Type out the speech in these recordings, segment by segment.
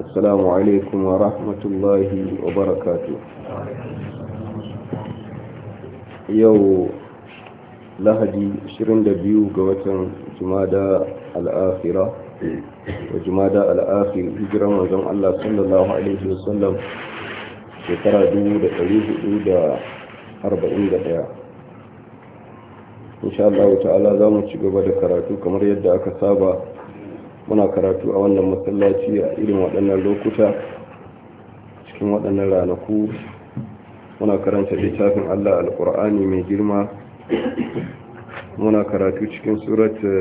السلام عليكم ورحمة الله وبركاته يو لهدي شرين دبيو قوة جمادة الآخرة وجمادة الآخر هجرة وزن الله صلى الله عليه وسلم شكرا دو دقليه دو دا أربعين دقيقة إن شاء الله تعالى ذا متشقب دكراتو كمر يد أكثابا muna karatu a wannan masallaci a irin waɗannan lokuta cikin waɗannan ranaku muna karanta littafin Allah alƙur'ani mai girma muna karatu cikin surat eh,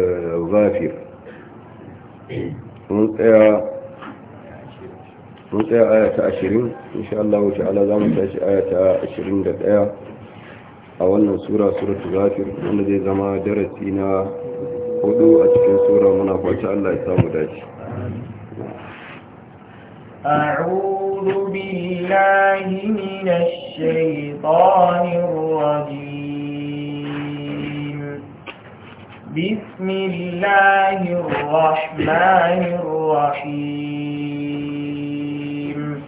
zafir mun tsaya aya ta ashirin insha Allah wuce ala za mu tashi aya ta ashirin ɗaya a wannan sura surat zafir wanda zai zama darasi na hudu a cikin sura muna fata Allah ya samu dace أعوذ بالله من الشيطان الرجيم بسم الله الرحمن الرحيم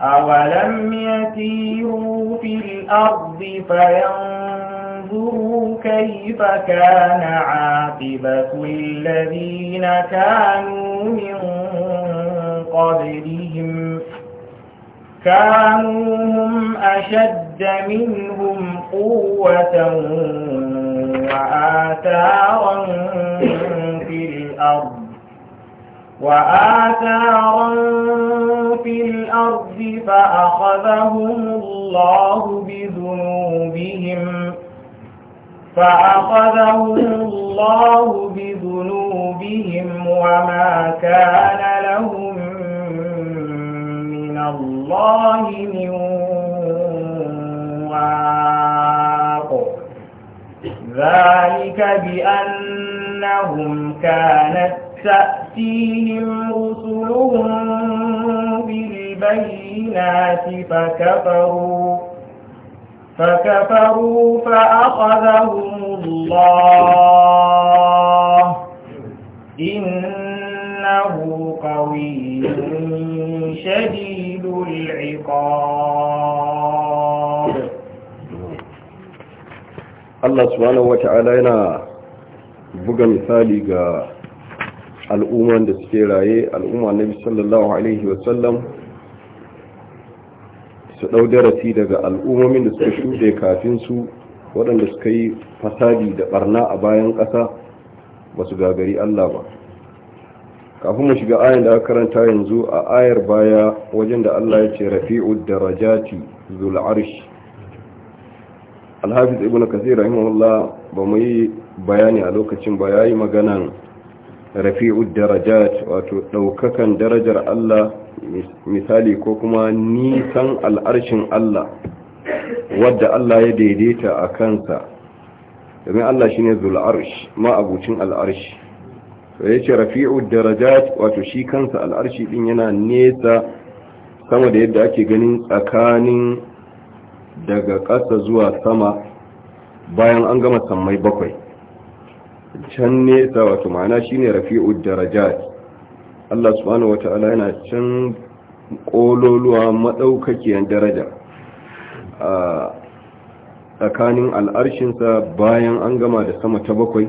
أولم يتيروا في الأرض فينظروا انظروا كيف كان عاقبة الذين كانوا من قبلهم كانوا هم أشد منهم قوة وآثارا في الأرض وآثارا في الأرض فأخذهم الله بذنوبهم فأخذهم الله بذنوبهم وما كان لهم من الله من واق ذلك بأنهم كانت تأتيهم رسلهم بالبينات فكفروا فكفروا فأخذهم الله إنه قوي شديد العقاب الله سبحانه وتعالى هنا buga misali ga al'umman da suke raye al'umma nabi sallallahu alaihi wasallam su ɗau darasi daga al'ummomin da suka shuɗe kafin su waɗanda suka yi fasadi da ɓarna a bayan ƙasa ba su gagari Allah ba kafin mu shiga ayin da aka karanta yanzu a ayar baya wajen da Allah ya ce rafi'ud darajati zul arsh alhafiz ibn kathir rahimahullah ba mu yi bayani a lokacin ba yayi maganan rafi'ud darajat wato daukakan darajar Allah misali ko kuma nisan al'arshin Allah wadda Allah ya daidaita a kansa domin Allah shine zul arsh ma abucin al'arshi to yace rafi'ud darajat wato shi kansa al'arshi din yana nesa sama da yadda ake ganin tsakanin daga ƙasa zuwa sama bayan an gama sammai bakwai can nesa wato ma'ana ne rafi'ud darajat Allah subhanahu wata'ala yana can ƙololuwa maɗaukakiyar daraja a tsakanin al'arshinsa bayan an gama da sama ta bakwai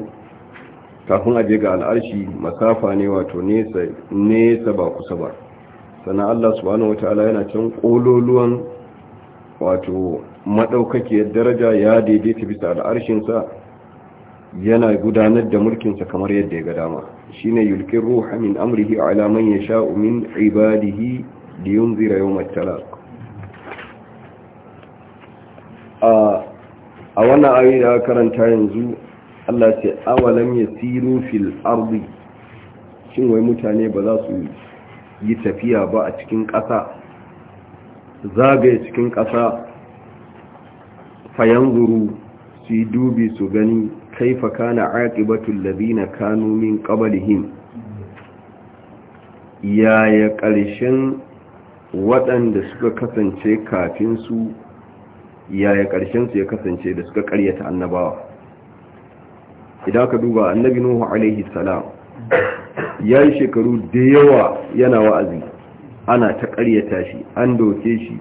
kafin a je ga al'arshi masafa ne wato nesa ba kusa ba sannan Allah subhanahu wata'ala yana can ƙololuwan wato maɗaukakiyar daraja ya daidaita bisa al'arshinsa yana gudanar da mulkinsa kamar yadda ya ga dama shine yulkin ruha min amrihi alaman ya sha umin ibadihi zira yau talaq a wannan ayi da karanta yanzu Allah ce ya yasiru fil ardi shin wai mutane ba za su yi tafiya ba a cikin ƙasa zagaye cikin ƙasa fayanzuru su yi dubi su gani kaifa kana aqibatul ladina na min qablihim yaya ƙarshen waɗanda suka kasance kafin su yaya ƙarshen su ya kasance da suka ƙaryata annabawa idan ka duba annabi nuhu alaihi salam ya yi shekaru da yawa yana wa'azi ana ta ƙaryata shi an doke shi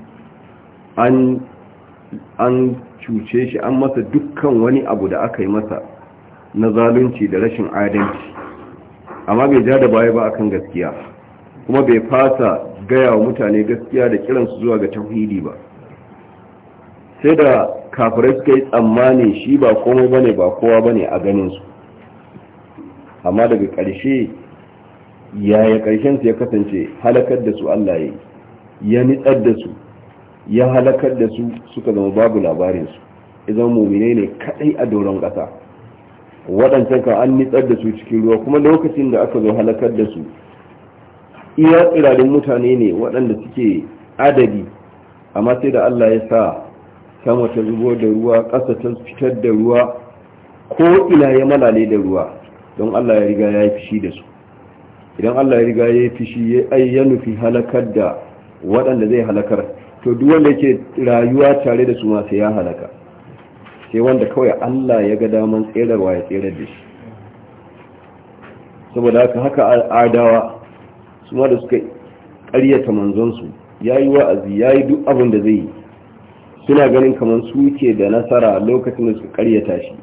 an cuce shi an masa dukkan wani abu da aka yi masa na zalunci da rashin adalci amma bai ja da baya ba akan gaskiya kuma bai fasa gaya wa mutane gaskiya da kiransu zuwa ga tauhidi ba sai da kafirai suka yi tsammani shi ba komai bane ba kowa bane a ganinsu amma daga ƙarshe yaya su ya kasance halakar da su Allah ya nitsar da su ya halakar da su suka zama babu labarinsu idan mummine ne kadai a doron kasa waɗancan ka an nitsar da su cikin ruwa kuma lokacin da aka zo halakar da su iya tsirarin mutane ne waɗanda suke adadi amma sai da allah ya sa sama ta zubo da ruwa ƙasa ta fitar da ruwa ko ina ya malale da ruwa don allah ya riga ya yi fishi da su idan allah ya riga ya yi fishi ya nufi halakar da waɗanda zai halakar to duk wanda yake rayuwa tare da su ma sai ya halaka sai wanda kawai Allah ya ga daman tserarwa ya tserar da shi saboda haka haka adawa su ma da suka ƙaryata manzon ya yi wa'azi ya yi duk abin da zai yi suna ganin kamar su ke da nasara lokacin da suka ƙaryata shi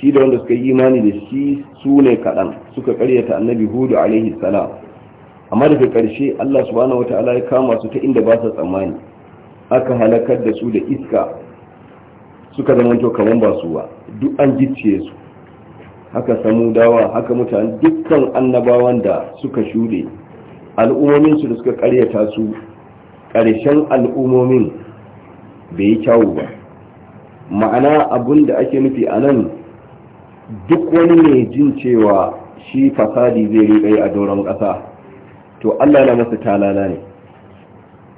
shi da wanda suka yi imani da shi su ne kaɗan suka ƙaryata annabi hudu alaihi salam amma daga ƙarshe allah subhanahu ta'ala ya kama su ta inda ba sa tsammani aka halakar da su da iska suka zama to kaman ba su ba duk an gicciye su haka samu dawa, haka mutane dukkan annabawan da suka shuɗe su da suka ƙaryata su ƙarshen al'ummomin bai yi kyawu ba ma'ana abun da ake nufi a nan duk wani mai jin cewa shi fasadi zai riƙa yi a doron ƙasa to allah na masa talala ne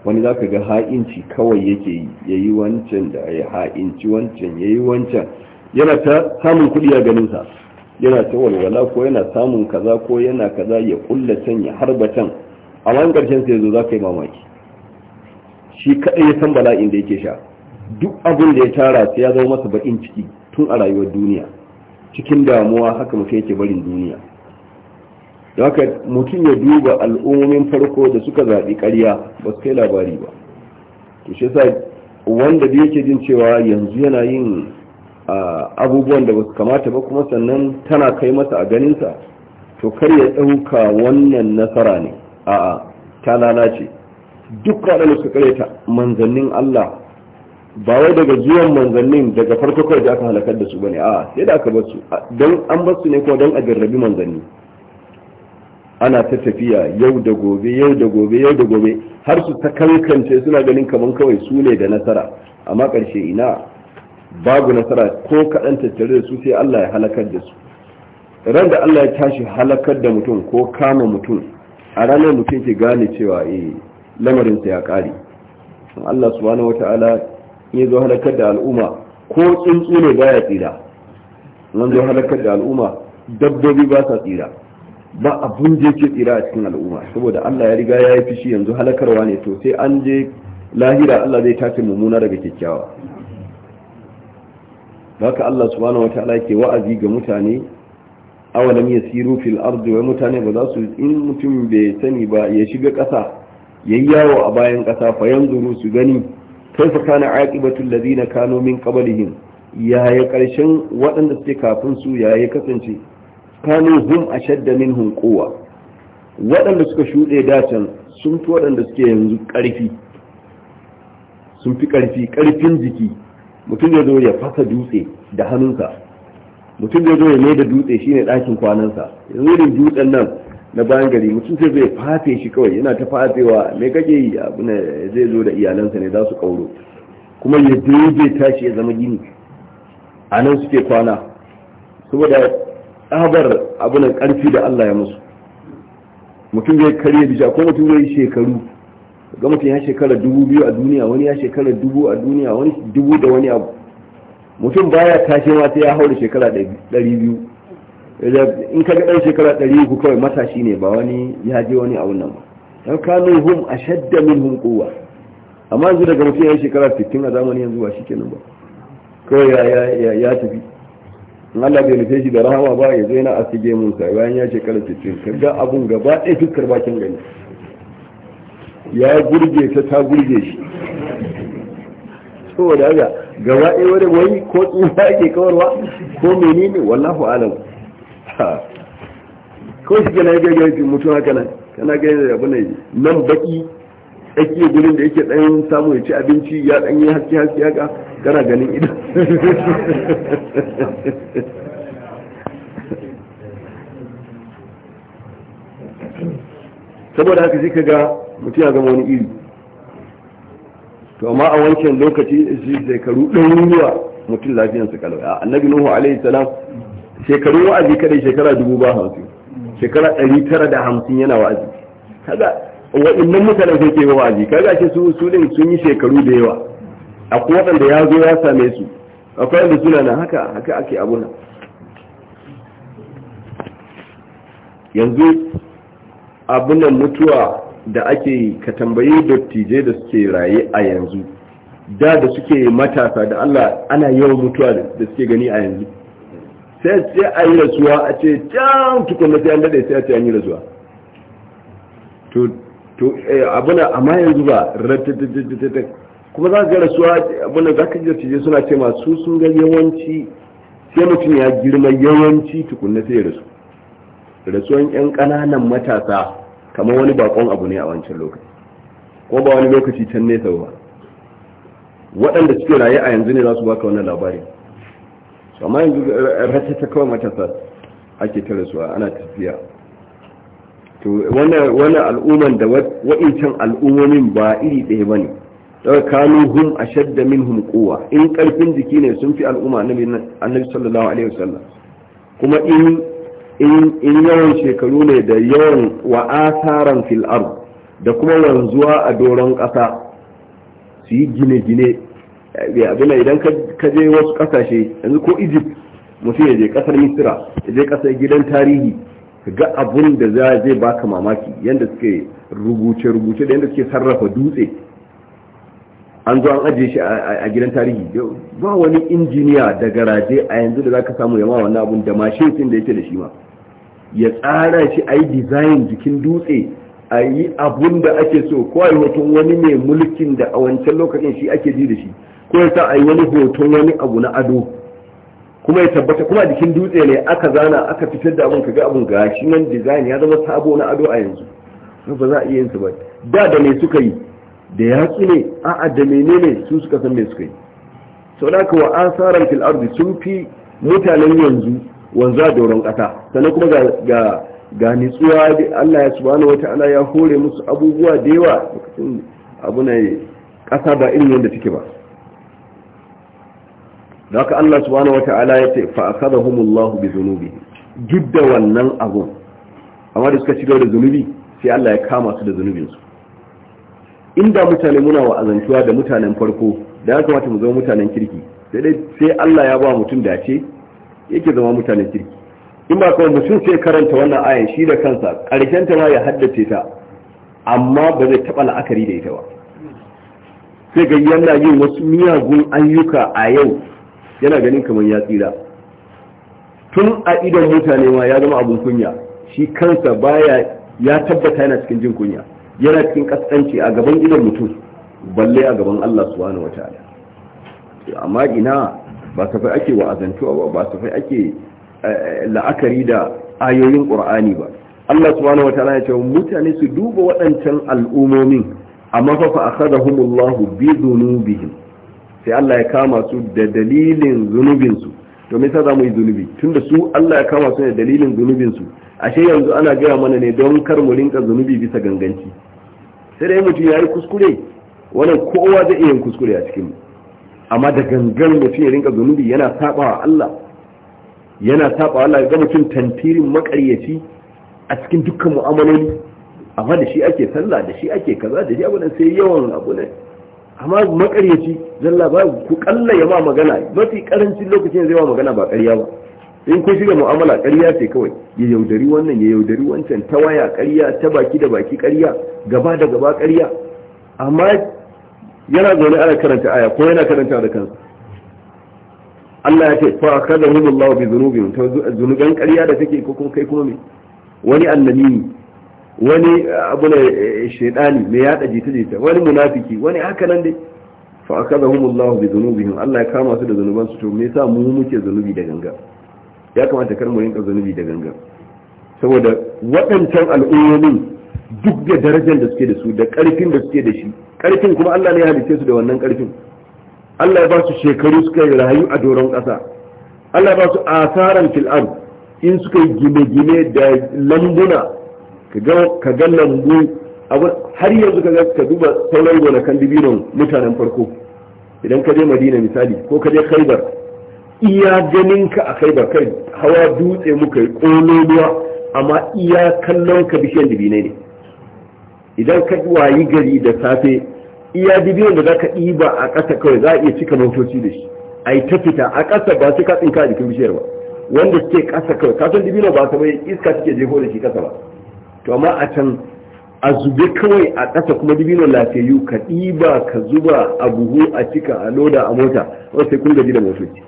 wani za ka ga ha'inci kawai yake yi ya yi wancan da ya ha'inci wancan ya yi wancan yana ta samun kuɗi a ganinsa yana ta walwala ko yana samun kaza ko yana kaza ya kulla can ya harba can a wani ƙarshen sai zo za ka yi mamaki shi kaɗai ya san bala'in da yake sha duk abin da ya tara sai ya zama masa baƙin ciki tun a rayuwar duniya cikin damuwa haka mutum yake barin duniya haka mutum ya duba al'ummomin farko da suka zaɓi ƙarya ba su kai labari ba to shi yasa wanda da yake jin cewa yanzu yana yin abubuwan da ba su kamata ba kuma sannan tana kai masa a ganinsa to kar ya ɗauka wannan nasara ne a'a ta lalace duk waɗanda suka ta, manzannin Allah ba wai daga zuwan manzannin daga farko kawai da aka halakar da su ba ne? a'a sai da aka bar su don an bar su ne kuma don a jarrabi manzanni ana ta tafiya yau da gobe yau da gobe yau da gobe har su ta kankance suna ganin kaman kawai su ne da nasara amma ƙarshe ina babu nasara ko kaɗan tattare da su sai Allah ya halakar da su ran da Allah ya tashi halakar da mutum ko kama mutum a ranar mutum ke gane cewa eh lamarinsa ya ƙare Allah subhanahu wata'ala ya zo halakar da al'umma ko tsuntsu ne baya tsira zo halakar da al'umma dabbobi ba sa tsira ba abun da yake tsira a cikin al'umma saboda Allah ya riga ya yi fishi yanzu halakarwa ne to sai an je lahira Allah zai tace mummuna daga kyakkyawa haka Allah subhanahu wataala yake wa'azi ga mutane awalam yasiru fil ardi wa mutane ba za su in mutum bai sani ba ya shiga kasa yayi yawo a bayan kasa fa yanzuru su gani kaifa kana aqibatu allazina kanu min qablihim yaya karshen waɗanda suke kafin su yaya kasance kano hum ashadda minhum quwwa waɗanda suka shuɗe datan sun fi waɗanda suke yanzu ƙarfi sun fi ƙarfi ƙarfin jiki mutum ya zo ya fasa dutse da hannunsa mutum da zo ya mai da dutse shine ɗakin kwanansa yanzu irin dutsen nan na bayan gari mutum sai zai fafe shi kawai yana ta fafewa me kake yi abu zai zo da iyalansa ne za su kauro kuma ya daidaita tashi ya zama gini a nan suke kwana saboda tsabar abunan karfi da Allah ya musu mutum zai karye bisa ko mutum zai shekaru ga mutum ya shekara dubu biyu a duniya wani ya shekara dubu a duniya wani dubu da wani abu mutum baya tashi ma sai ya haura shekara ɗari biyu in ka ga ɗan shekara ɗari ku kawai matashi ne ba wani ya je wani abu nan ba yan kano hum a shadda min hum kowa amma yanzu daga mutum ya shekara fitin a zamani yanzu ba shi kenan ba kawai ya tafi Allah bai nufe shi da rahama ba ya zo yana asige Musa bayan ya shekara ka kaga abun gaba ɗaya duk bakin gani ya gurge ta ta gurge shi saboda haka gaba ɗaya wani wai ko tsufa yake kawarwa ko menene wallahu alam ko shi kana ga ga mutum haka nan kana ga da abu ne nan baki ake gurin da yake dan samu ya ci abinci ya dan yi haske haske haka kana ganin ido saboda haka sai kaga mutum ya zama wani iri to amma a wancan lokaci shi shekaru ɗaruruwa mutum lafiyarsa kalau a annabi nuhu alaihi salam shekaru wa'azi kadai shekara dubu ba hamsin shekara ɗari tara da hamsin yana wa'azi kaga wa'annan mutanen sai ke wa'azi kaga shi su ne sun yi shekaru da yawa akwai waɗanda ya zo ya same su akwai wanda suna na haka haka ake abuna yanzu abunan mutuwa da ake ka tambayi dattijai da suke raye a yanzu da da suke matasa da Allah ana yawan mutuwa da suke gani a yanzu sai sai a yi rasuwa a ce can tukun sai an daɗe sai a ce an yi rasuwa to eh, abuna amma yanzu ba ratatatatatatat kuma za ka ga rasuwa abinda za ka jirce suna ce masu sun ga yawanci sai mutum ya girma yawanci tukunna sai rasu rasuwan yan ƙananan matasa kamar wani bakon abu ne a wancan lokaci ko ba wani lokaci can nesa ba waɗanda suke raye a yanzu ne za su baka wannan labari amma yanzu eh, rata ta kawai matasa ake ta rasuwa ana tafiya to wannan al'umman da wa'incan al'ummomin ba iri ɗaya ba ne daga kanu hum min minhum kowa. in karfin jiki ne sun fi al'umma annabi sallallahu alaihi wasallam kuma in yawan shekaru ne da yawan wa'asaran asaran da kuma wanzuwa a doron kasa su yi gine-gine eh, abin idan ka je wasu kasashe yanzu ko egypt mutum ya je kasar misira ya je kasar gidan tarihi ga abun da za zai baka mamaki yadda suke rubuce-rubuce da yadda suke sarrafa dutse an zo an ajiye shi a gidan tarihi ba wani injiniya da garaje a yanzu da zaka samu yamma wannan abun da mashin din da yake da shi ma ya tsara shi a yi design jikin dutse a yi abun da ake so ko a yi hoton wani mai mulkin da a wancan lokacin shi ake ji da shi ko ya sa a yi wani hoton wani abu na ado kuma ya tabbata kuma jikin dutse ne aka zana aka fitar da abun kaga abun gashi nan design ya zama sabo na ado a yanzu ba za a iya yin su ba da da me suka yi da yaƙi ne a'a da menene su suka san me suka yi sau da wa asarar fil ardi sun fi mutanen yanzu wanzu a doron ƙasa sannan kuma ga ga nitsuwa da Allah ya subhanahu wata'ala ya hore musu abubuwa da yawa lokacin abu ne ƙasa ba irin yadda take ba da haka Allah subhanahu wata'ala ya ce fa akadahumullahu bi dhunubi Gidda wannan abu amma da suka ci da zunubi sai Allah ya kama su da zunubinsu inda mutane muna wa'azantuwa da mutanen farko da ya kamata mu zama mutanen kirki sai dai sai Allah ya ba mutum da dace yake zama mutanen kirki in ba kawai mutum sai karanta wannan ayan shi da kansa karshen ta ma ya haddace ta amma ba zai taba la'akari da ita ba sai ga yana yin wasu miyagun ayyuka a yau yana ganin kamar ya tsira tun a idon mutane ma ya zama abin kunya shi kansa baya ya tabbata yana cikin jin kunya yana cikin kaskanci a gaban gidan mutum balle a gaban Allah subhanahu wataala amma ina ba safai ake wa'azantuwa ba ba safai ake eh, eh, la'akari da ayoyin qur'ani ba Allah subhanahu wataala ya ce mutane su duba waɗancan al'umomin amma fa fa akhadahumullahu bi dhunubihim sai Allah ya kama su da dalilin zunubinsu to me yasa zamu yi zunubi tunda su Allah ya kama su da dalilin zunubinsu ashe yanzu ana gaya mana ne don kar mu rinka zunubi bisa ganganci sai dai mutum ya yi kuskure wannan kowa zai iya yin kuskure a cikin amma da gangan mutum ya rinka zunubi yana saba Allah yana saba Allah ga mutum tantirin makaryaci a cikin dukkan mu'amaloli amma da shi ake sallah da shi ake kaza da shi abu nan sai yawan abu ne amma makaryaci zalla ba ku kallaya ma magana mafi karancin lokacin zai ba magana ba ƙarya ba in kun shiga mu'amala ƙarya ce kawai ya yaudari wannan ya yaudari wancan ta waya ƙarya ta baki da baki ƙarya gaba da gaba ƙarya amma yana zaune ana karanta aya ko yana karanta da kansa Allah ya ce fa kada Allah bi dhunubi Ta zunuban ƙarya da take ko kai kuma me wani annabi wani abu ne eh, shaidani mai yada jita-jita wani munafiki wani haka nan dai fa akadahum Allah bi dhunubihim Allah ya kama su da zunubansu to me yasa mu muke zunubi da ganga ya kamata kar mu rinka zunubi da gangan saboda waɗancan al'ummomin duk da darajar da suke da su da ƙarfin da suke da shi ƙarfin kuma Allah ne ya halice su da wannan ƙarfin Allah ya ba su shekaru suka yi rayu a doron ƙasa Allah ya ba su asaran fil'am in suka yi gine-gine da lambuna ka ga lambu har yanzu ka ka duba sauran gonakan dibinon mutanen farko idan ka je madina misali ko ka je khaibar iya ganinka a kai ba kai hawa dutse muka yi ƙololuwa amma iya kallon ka bishiyar dibinai ne idan ka wayi gari da safe iya dibinan da za ka ɗiba a ƙasa kawai za a iya cika motoci da shi a yi ta a ƙasa ba sai ka a jikin bishiyar ba wanda suke ƙasa kawai kasan dibinan ba kamar iska suke jefo da shi ƙasa ba to amma a can a zube kawai a ƙasa kuma dibinan lafiyayyu ka ɗiba ka zuba a buhu a cika a loda a mota wasu sai kun gaji da motoci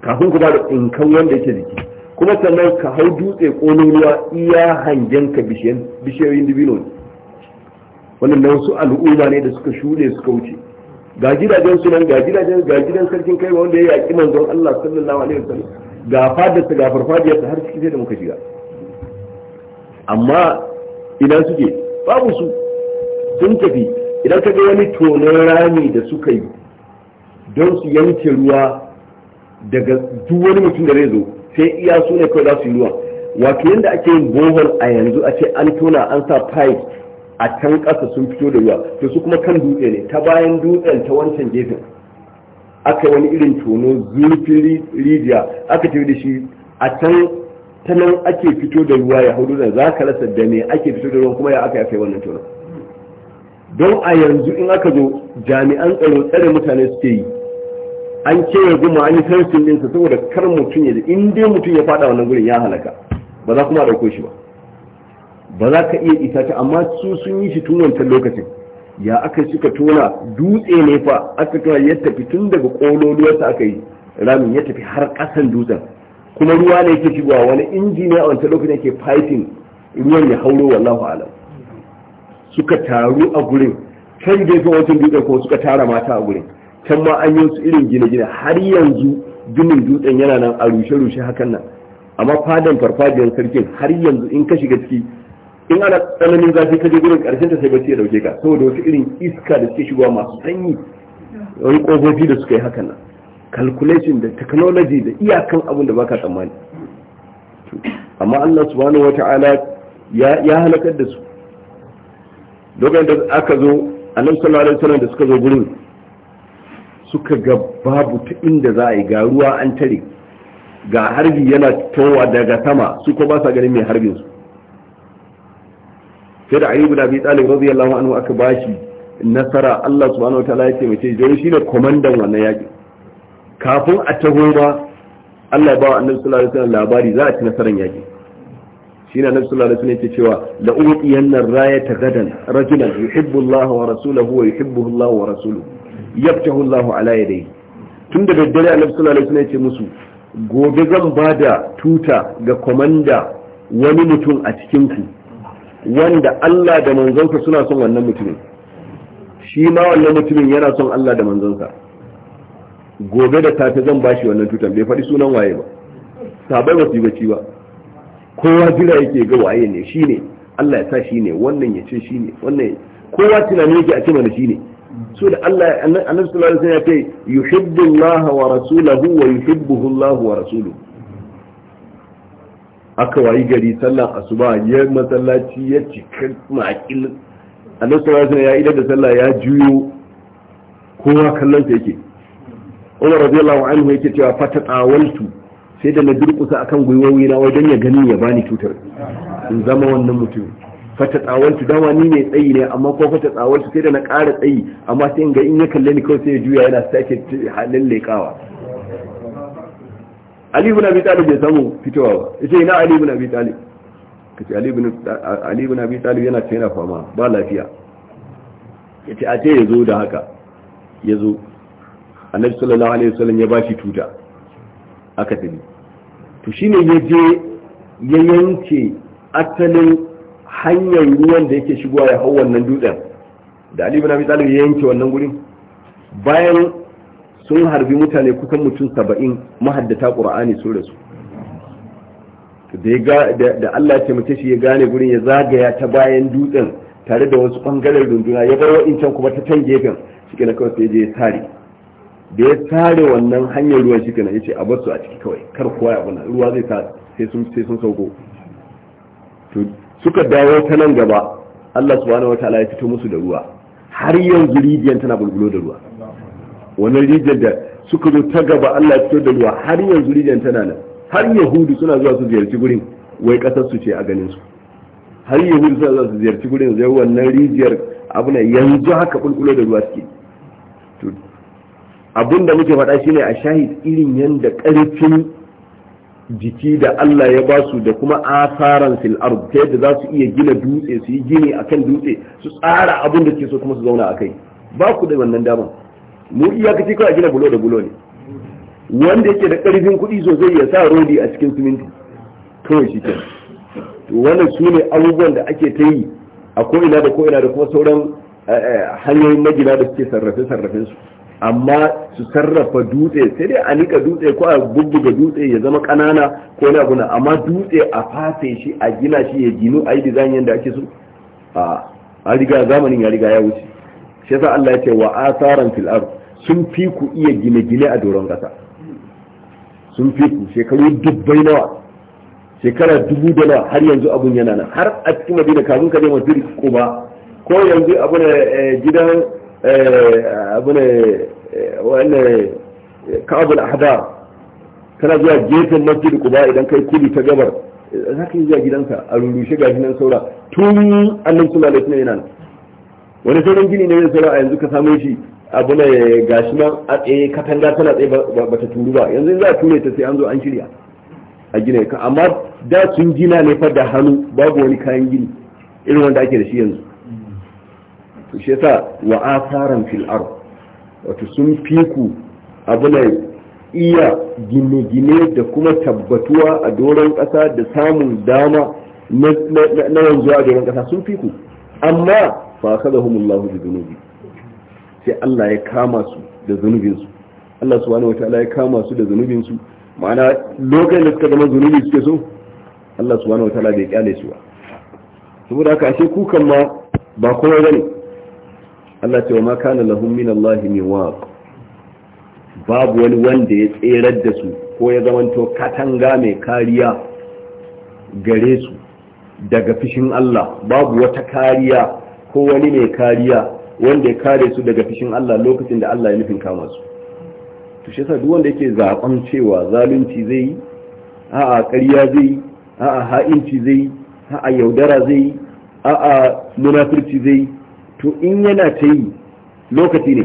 kafin ku ba da tsinkan wanda yake jiki kuma sannan ka hau dutse ƙonin iya hangen ka bishiyoyin dibino ne wannan na wasu al'umma ne da suka shuɗe suka wuce ga gidajen sunan ga gidajen ga gidan sarkin kai wanda ya yaƙi manzon Allah sallallahu alaihi wasallam ga fadarsa ga farfajiyarsa har cikin sai da muka shiga amma idan suke babu su sun tafi idan ka ga wani tonon rami da suka yi don su yanke ruwa daga duk wani mutum da zai zo sai iya su ne kawai za su yi ruwa wato yadda ake yin bohol a yanzu a ce an tona an sa pipe a can ƙasa sun fito da ruwa to su kuma kan dutse ne ta bayan dutsen ta wancan gefen aka wani irin tono zurfin rijiya aka tafi da shi a can ta nan ake fito da ruwa ya hudu da za ka rasa da me ake fito da ruwa kuma ya aka yafe wannan tono don a yanzu in aka zo jami'an tsaro tsare mutane suke yi an ce ya zuma an yi sarfin ɗinsa saboda kar mutum ya in dai mutum ya faɗa wannan gurin ya halaka ba za kuma ɗauko shi ba ba za ka iya isa ta amma su sun yi shi tun wancan lokacin ya aka suka tona dutse ne fa aka tona ya tafi tun daga ƙololuwarsa aka yi ramin ya tafi har ƙasan dutsen kuma ruwa ne yake shigowa wani inji ne a wancan lokacin yake fighting ruwan ya hauro wallahu alam suka taru a gurin kai dai kan wancan dutsen ko suka tara mata a gurin can ma an yi su irin gine-gine har yanzu ginin dutsen yana nan a rushe-rushe hakan nan amma fadan farfajiyar sarkin har yanzu in ka shiga ciki in ana tsananin zafi ka je gurin karshen ta sai bacci ya dauke ka saboda wasu irin iska da suke shigowa masu sanyi wani kofofi da suka yi hakan nan calculation da technology da iyakan abin da baka tsammani amma Allah subhanahu wata'ala ya ya halakar da su lokacin da aka zo annabi sallallahu alaihi wasallam da suka zo gurin suka ga babu ta inda za a yi ga ruwa an tare ga harbi yana towa daga sama su ko ba sa ganin mai harbin su sai da ayyubu da bi talib radiyallahu anhu aka bashi nasara Allah subhanahu wataala ya jiyo. shi shine komandan wannan yaki kafin a taho ba Allah ya ba annabi sallallahu alaihi wasallam labari za a ci nasaran yaki shine annabi sallallahu alaihi wasallam yake cewa la uqiyanna rayata gadan rajulan yuhibbu Allah wa rasuluhu wa yuhibbuhu Allah wa rasuluhu yaftahu Allahu ala yadayhi tun da daddare Annabi sallallahu alaihi wasallam ya ce musu gobe zan bada tuta ga komanda wani mutum a cikin ku wanda Allah da manzonsa suna son wannan mutumin shi ma wannan mutumin yana son Allah da manzonsa gobe da safe zan bashi wannan tutan bai faɗi sunan waye ba sabai ba su bacci ba kowa jira yake ga waye ne shine Allah ya sa shine wannan ya ce shine wannan kowa tunani yake a ce mana shine su da Allah annabi sallallahu alaihi wasallam ya ce yuhibbu Allah wa rasuluhu wa yuhibbuhu Allah wa rasuluhu aka wayi gari sallar asuba ya masallaci ya cika makil annabi sallallahu alaihi wasallam ya idan da sallah ya juyo kowa kallon sa yake Umar radiyallahu anhu yake cewa fata tawaltu sai da na durkusa akan gwiwowi na wajen ya gani ya bani tutar. in zama wannan mutum fata tsawaltu dama ni ne tsayi ne amma ko fata tsawaltu sai da na ƙara tsayi amma sai in ga in ya kalle ni kawai sai ya juya yana sake halin leƙawa Ali ibn Abi Talib bai samu fitowa ba yace ina Ali ibn Abi Talib kace Ali ibn Ali ibn Abi Talib yana cewa yana fama ba lafiya yace a ce yazo da haka yazo Annabi sallallahu alaihi wasallam ya bashi tuta aka tafi to shine yaje ya yanke asalin hanyar ruwan da yake shigowa ya hau wannan dutsen da Ali ibn Abi Talib ya yanke wannan gurin bayan sun harbi mutane kusan mutum saba'in mahaddata ƙura'ani da su da Allah ya taimake shi ya gane gurin ya zagaya ta bayan dutsen tare da wasu ɓangaren runduna ya bar wa'incan kuma ta can gefen shi na kawai sai je ya tare da ya tare wannan hanyar ruwan shi kenan ya ce a bar su a ciki kawai kar kuwa ya bana ruwa zai sa sai sun sauko suka dawo ta nan gaba Allah subhanahu wataala ya fito musu da ruwa har yanzu rijiyar tana bulbulo da ruwa wannan rijiyar da suka zo ta gaba Allah ya fito da ruwa har yanzu rijiyar tana nan har yahudu suna zuwa su ziyarci gurin wai kasar su ce a ganin su har yahudu suna zuwa su ziyarci gurin zai wannan rijiyar abu ne yanzu haka bulbulo da ruwa suke abin da muke faɗa shine a shahid irin yanda ƙarfin jiki da Allah ya basu da kuma asaran fil ard ta yadda za su iya gina dutse su yi gini akan dutse su tsara abin da ke so kuma su zauna akai ba ku da wannan daman mu kace kai a gina bulo da bulo ne wanda yake da karfin kuɗi sosai ya sa rodi a cikin siminti kawai shi ke to wannan su ne abubuwan da ake ta yi a ko'ina da ko'ina da kuma sauran eh, eh, hanyoyin magina da suke sarrafe sarrafen su amma su sarrafa dutse sai dai a nika dutse ko a bubbuga dutse ya zama kanana ko na guna amma dutse a fase shi a gina shi ya ginu a yi design yadda ake su a riga zamanin ya riga ya wuce shi yasa Allah ya ce wa asaran fil ard sun fi ku iya gine-gine a doron kasa sun fi ku shekaru dubbai nawa shekara dubu da nawa har yanzu abun yana nan har a cikin madina kafin ka je madrid ba ko yanzu abu eh, eh, gidan abu wani kana zuwa gefen masjid kuba idan kai kudi ta gabar za ka yi zuwa gidansa a rurushe ga nan saura tun annan suna da sunan yana wani sauran gini ne zai saura a yanzu ka samu shi abu ne gashi nan a tsaye katanga tana tsaye ba ta turu ba yanzu za a ture ta sai an zo an shirya a gina ka amma da sun gina ne fa da hannu babu wani kayan gini irin wanda ake da shi yanzu to shi yasa wa asaran fil ard wato sun fiku abuna iya gine-gine da kuma tabbatuwa a doron ƙasa da samun dama na yanzu a doron ƙasa sun fiku amma fa kada humullahu da zunubi sai Allah ya kama su da su. Allah subhanahu wataala ya kama su da su. ma'ana lokacin da suka zama zunubi suke so Allah subhanahu wataala bai kyale su ba saboda haka ashe kukan ma ba kowa bane Allah ce wa ma kana lahum min Allah min waq babu wani wanda ya tserar da su ko ya zamanto katanga mai kariya gare su daga fishin Allah babu wata kariya ko wani mai kariya wanda ya kare su daga fishin Allah lokacin da Allah ya nufin kama su to shi yasa duk wanda yake zaɓan cewa zalunci zai yi a'a ƙarya zai yi a'a ha'inci zai yi a'a yaudara zai yi a'a munafurci zai yi to in yana ta yi lokaci ne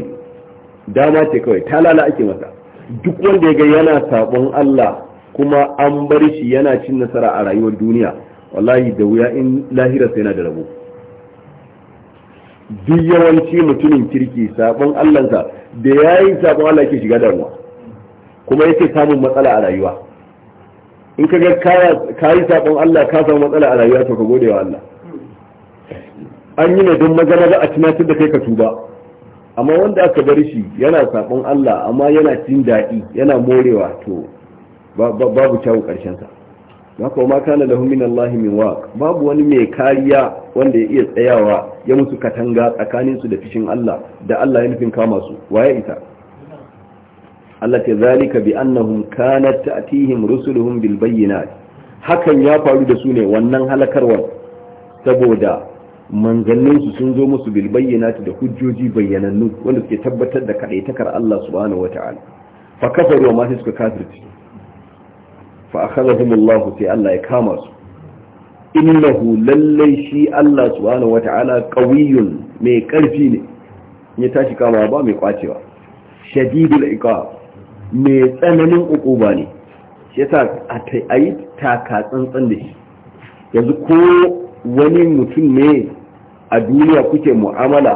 dama ce kawai talala ake masa duk wanda ya ga yana sabon Allah kuma an bar shi yana cin nasara a rayuwar duniya wallahi da wuya in lahira sai yana da rabo duk yawanci mutumin kirki sabon Allahnsa da yayi sabon Allah yake shiga damuwa kuma yake samun matsala a rayuwa in ka kaga kayi sabon Allah ka samu matsala a rayuwa to ka gode wa Allah an yi ne don magana ba a tunatar da kai ka tuba amma wanda aka bar shi yana saƙon Allah amma yana cin daɗi yana morewa to babu kyawu sa ba ko ma kana lahum min Allah min waq babu wani mai kariya wanda ya iya tsayawa ya musu katanga tsakanin su da fishin Allah da Allah ya nufin kama su waye ita Allah ta zalika bi annahum kanat ta'tihim rusuluhum bil bayyinat hakan ya faru da su ne wannan halakarwa saboda manzanninsu sun zo musu bil bayyanati da hujjoji bayyanannu wanda suke tabbatar da kadaitakar Allah subhanahu wata'ala fa kafaru ma suka kafirci fa akhadhahum Allah sai Allah ya kama su innahu lallai shi Allah subhanahu wata'ala qawiyyun mai karfi ne ya tashi kama ba mai kwacewa shadidul iqab mai tsananin ukuba ne shi yasa a yi taka tsantsan da shi yanzu ko wani mutum ne a duniya kuke mu'amala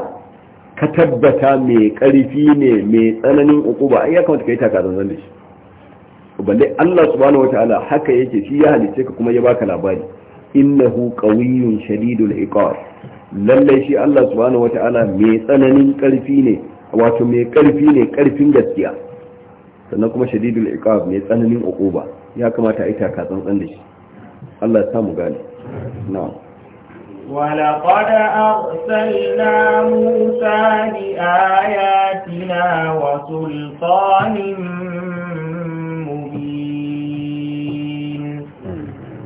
ka tabbata mai karfi ne mai tsananin ukuba ai ya kamata ka yi zanzan da shi balle Allah subhanahu wataala haka yake shi ya halice ka kuma ya baka labari innahu qawiyyun shadidul iqab lalle shi Allah subhanahu wataala mai tsananin ƙarfi ne wato mai ƙarfi ne ƙarfin gaskiya sannan kuma shadidul iqab mai tsananin ukuba ya kamata a yi taka tsantsan da shi Allah ya samu gane na'am ولقد أرسلنا موسى بآياتنا وسلطان مبين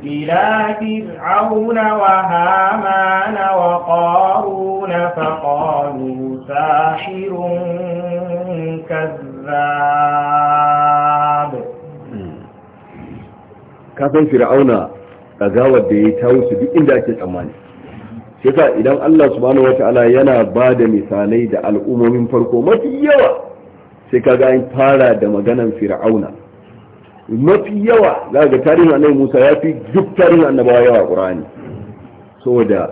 إلى فرعون وهامان وقارون فقالوا ساحر كذاب كافي فرعون أغاوة دي تاوس بإن ذاك الأماني shi idan Allah subhanahu wataala yana ba da misalai da al'ummomin farko mafi yawa sai kaga an fara da maganan fir'auna mafi yawa za ga tarihin annabi Musa ya fi duk tarihin annabawa yawa Qur'ani saboda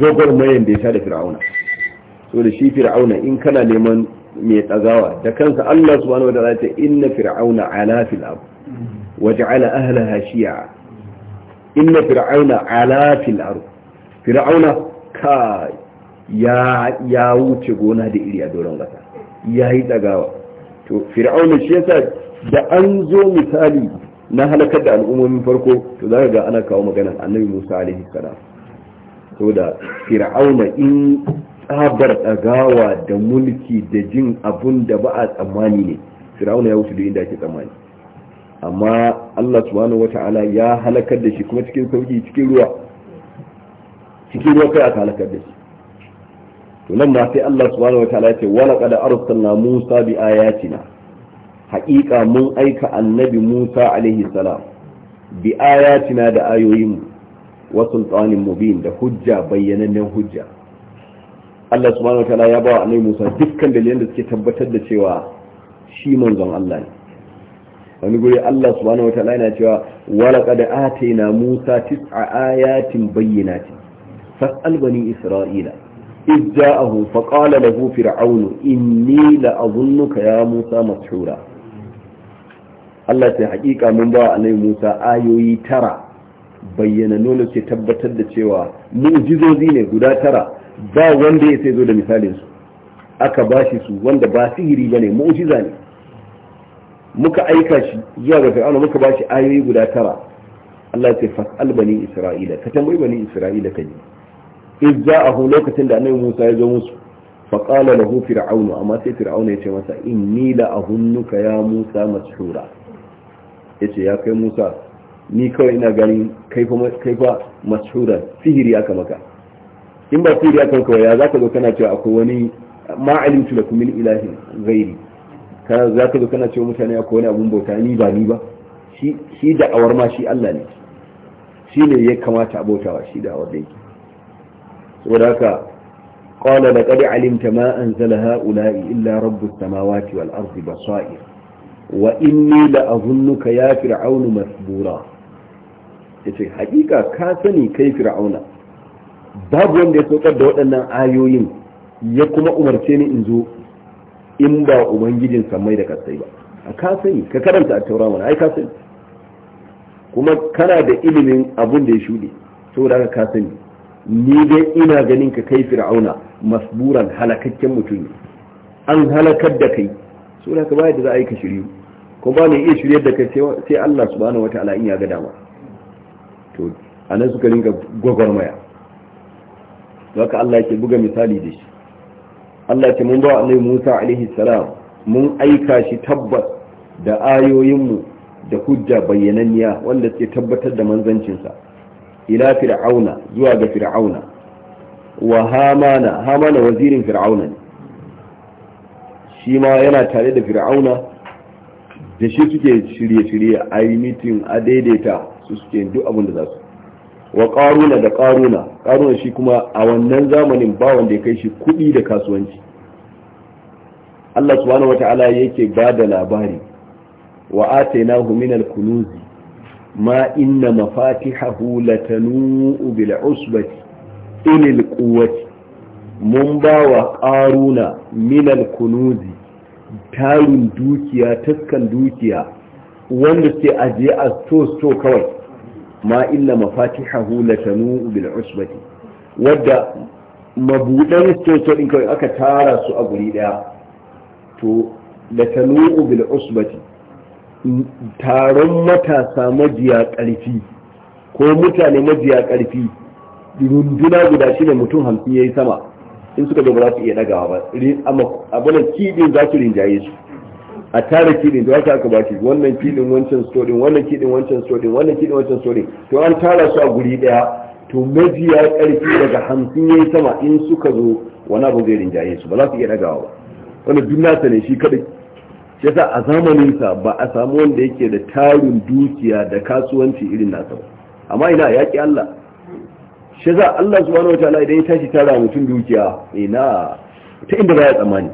gwagwarmayan da ya sha da fir'auna saboda shi fir'auna in kana neman mai tsagawa da kansa Allah subhanahu wa ta'ala ta inna fir'auna ala fil ard wa ahlaha shi'a inna fir'auna ala fil fir'auna ka ya ya wuce gona da iri a doron wata ya yi dagawa to fir'auna shi yasa da an zo misali na halakar da al'ummomin farko to zaka ga ana kawo magana annabi musa alaihi salam da fir'auna in tsabar dagawa da mulki da jin abun da ba a tsammani ne fir'auna ya wuce da inda ake tsammani amma allah subhanahu wata'ala ya halakar da shi kuma cikin sauki cikin ruwa cikin ruwa kai aka halakar da shi to nan ma sai Allah subhanahu wataala ya ce wa laqad arsalna Musa bi ayatina haƙiƙa mun aika annabi Musa alaihi salam bi ayatina da ayoyin wa sultanin mubin da hujja bayyanannen hujja Allah subhanahu wataala ya bawa annabi Musa dukkan dalilan da suke tabbatar da cewa shi manzon Allah ne wani guri Allah subhanahu wataala yana cewa wa laqad atayna Musa tis'a ayatin bayyinatin فاسأل بني إسرائيل إذ جاءه فقال له فرعون إني لأظنك يا موسى مسحورا الله تحقيقا من باع عليه موسى آيوي ترى bayyana nuna ke tabbatar da cewa mu'jizozi ne guda tara ba wanda ya sai zo da misalin su aka bashi su wanda ba sihiri ba ne mu'jiza ne muka aika shi zuwa ga fir'auna muka bashi ayoyi guda tara Allah ya ce fas'al bani isra'ila ka tambayi bani isra'ila ka ji iz ja'ahu lokacin da annabi Musa ya zo musu fa qala lahu fir'aun amma sai fir'aun ya ce masa inni la ahunnuka ya Musa mashura yace ya kai Musa ni kawai ina ganin kai fa kai fa mashura sihiri aka maka in ba sihiri aka maka ya zaka zo kana cewa akwai wani ma alimtu lakum min ilahin ghairi kana zaka zo kana cewa mutane akwai wani abun bauta ni ba ni ba shi da awar ma shi Allah ne shi ne ya kamata a bautawa shi da awar da yake saboda haka qala laqad alimta ma anzala ha'ula'i illa rabbus samawati wal ba sa'ir wa inni la azunnuka ya fir'aunu masbura ce hakika ka sani kai fir'auna babu wanda ya saukar da waɗannan ayoyin ya kuma umarce ni in zo in ba ubangijin samai da kasai ba a ka sani ka karanta a taura mana ai ka sani kuma kana da ilimin abin da ya shuɗe saboda ka sani ni dai ina ganin ka kai fir'auna masburan halakakken mutum ne an halakar da kai so da ka bayar da za a yi ka shiryu ko ba ne iya shiryar da kai sai Allah subhanahu wataala in ya ga dama to anan suka rinka gwagwarmaya haka Allah yake buga misali da shi Allah yake mun ba Annabi Musa alaihi salam mun aika shi tabbas da ayoyinmu da hujja bayyananniya wanda suke tabbatar da manzancinsa sa ila fir'auna zuwa ga fir'auna wa hamana hamana wazirin fir'auna ne shi ma yana tare da fir'auna da shi suke shirye-shirye a yi mitin a daidaita su suke duk abin da za su wa karuna da karuna karuna shi kuma a wannan zamanin ba wanda ya kai shi kuɗi da kasuwanci Allah subhanahu wata'ala yake ba da labari wa atainahu min al-kunuzi ma inna mafatihahu latanu'u bil usbati ilil quwwati mun ba wa ƙaruna minal kunuzi tarin dukiya taskan dukiya wanda ke aje a sto-sto kawai ma illa mafatihahu latanu bil usbati wadda mabudan sto-sto din aka tara su a guri daya to latanu bil usbati taron matasa majiya ƙarfi ko mutane majiya ƙarfi runduna guda shi ne mutum hamsin ya yi sama in suka ba za su iya ɗagawa ba abin abinan kiɗin za su rinjaye su a tara kiɗin su aka ba shi wannan kiɗin wancan storin wannan kiɗin wancan storin wannan kiɗin wancan storin to an tara su a guri ɗaya to majiya ƙarfi daga hamsin ya yi sama in suka zo wani abu zai rinjaye su ba za su iya ɗagawa ba wani duk nasa ne shi kaɗai shi yasa a zamaninsa ba a samu wanda yake da tarin dukiya da kasuwanci irin nasa ba amma ina yaƙi Allah shi yasa Allah subhanahu wataala idan ya tashi tara mutum dukiya ina ta inda baya tsammani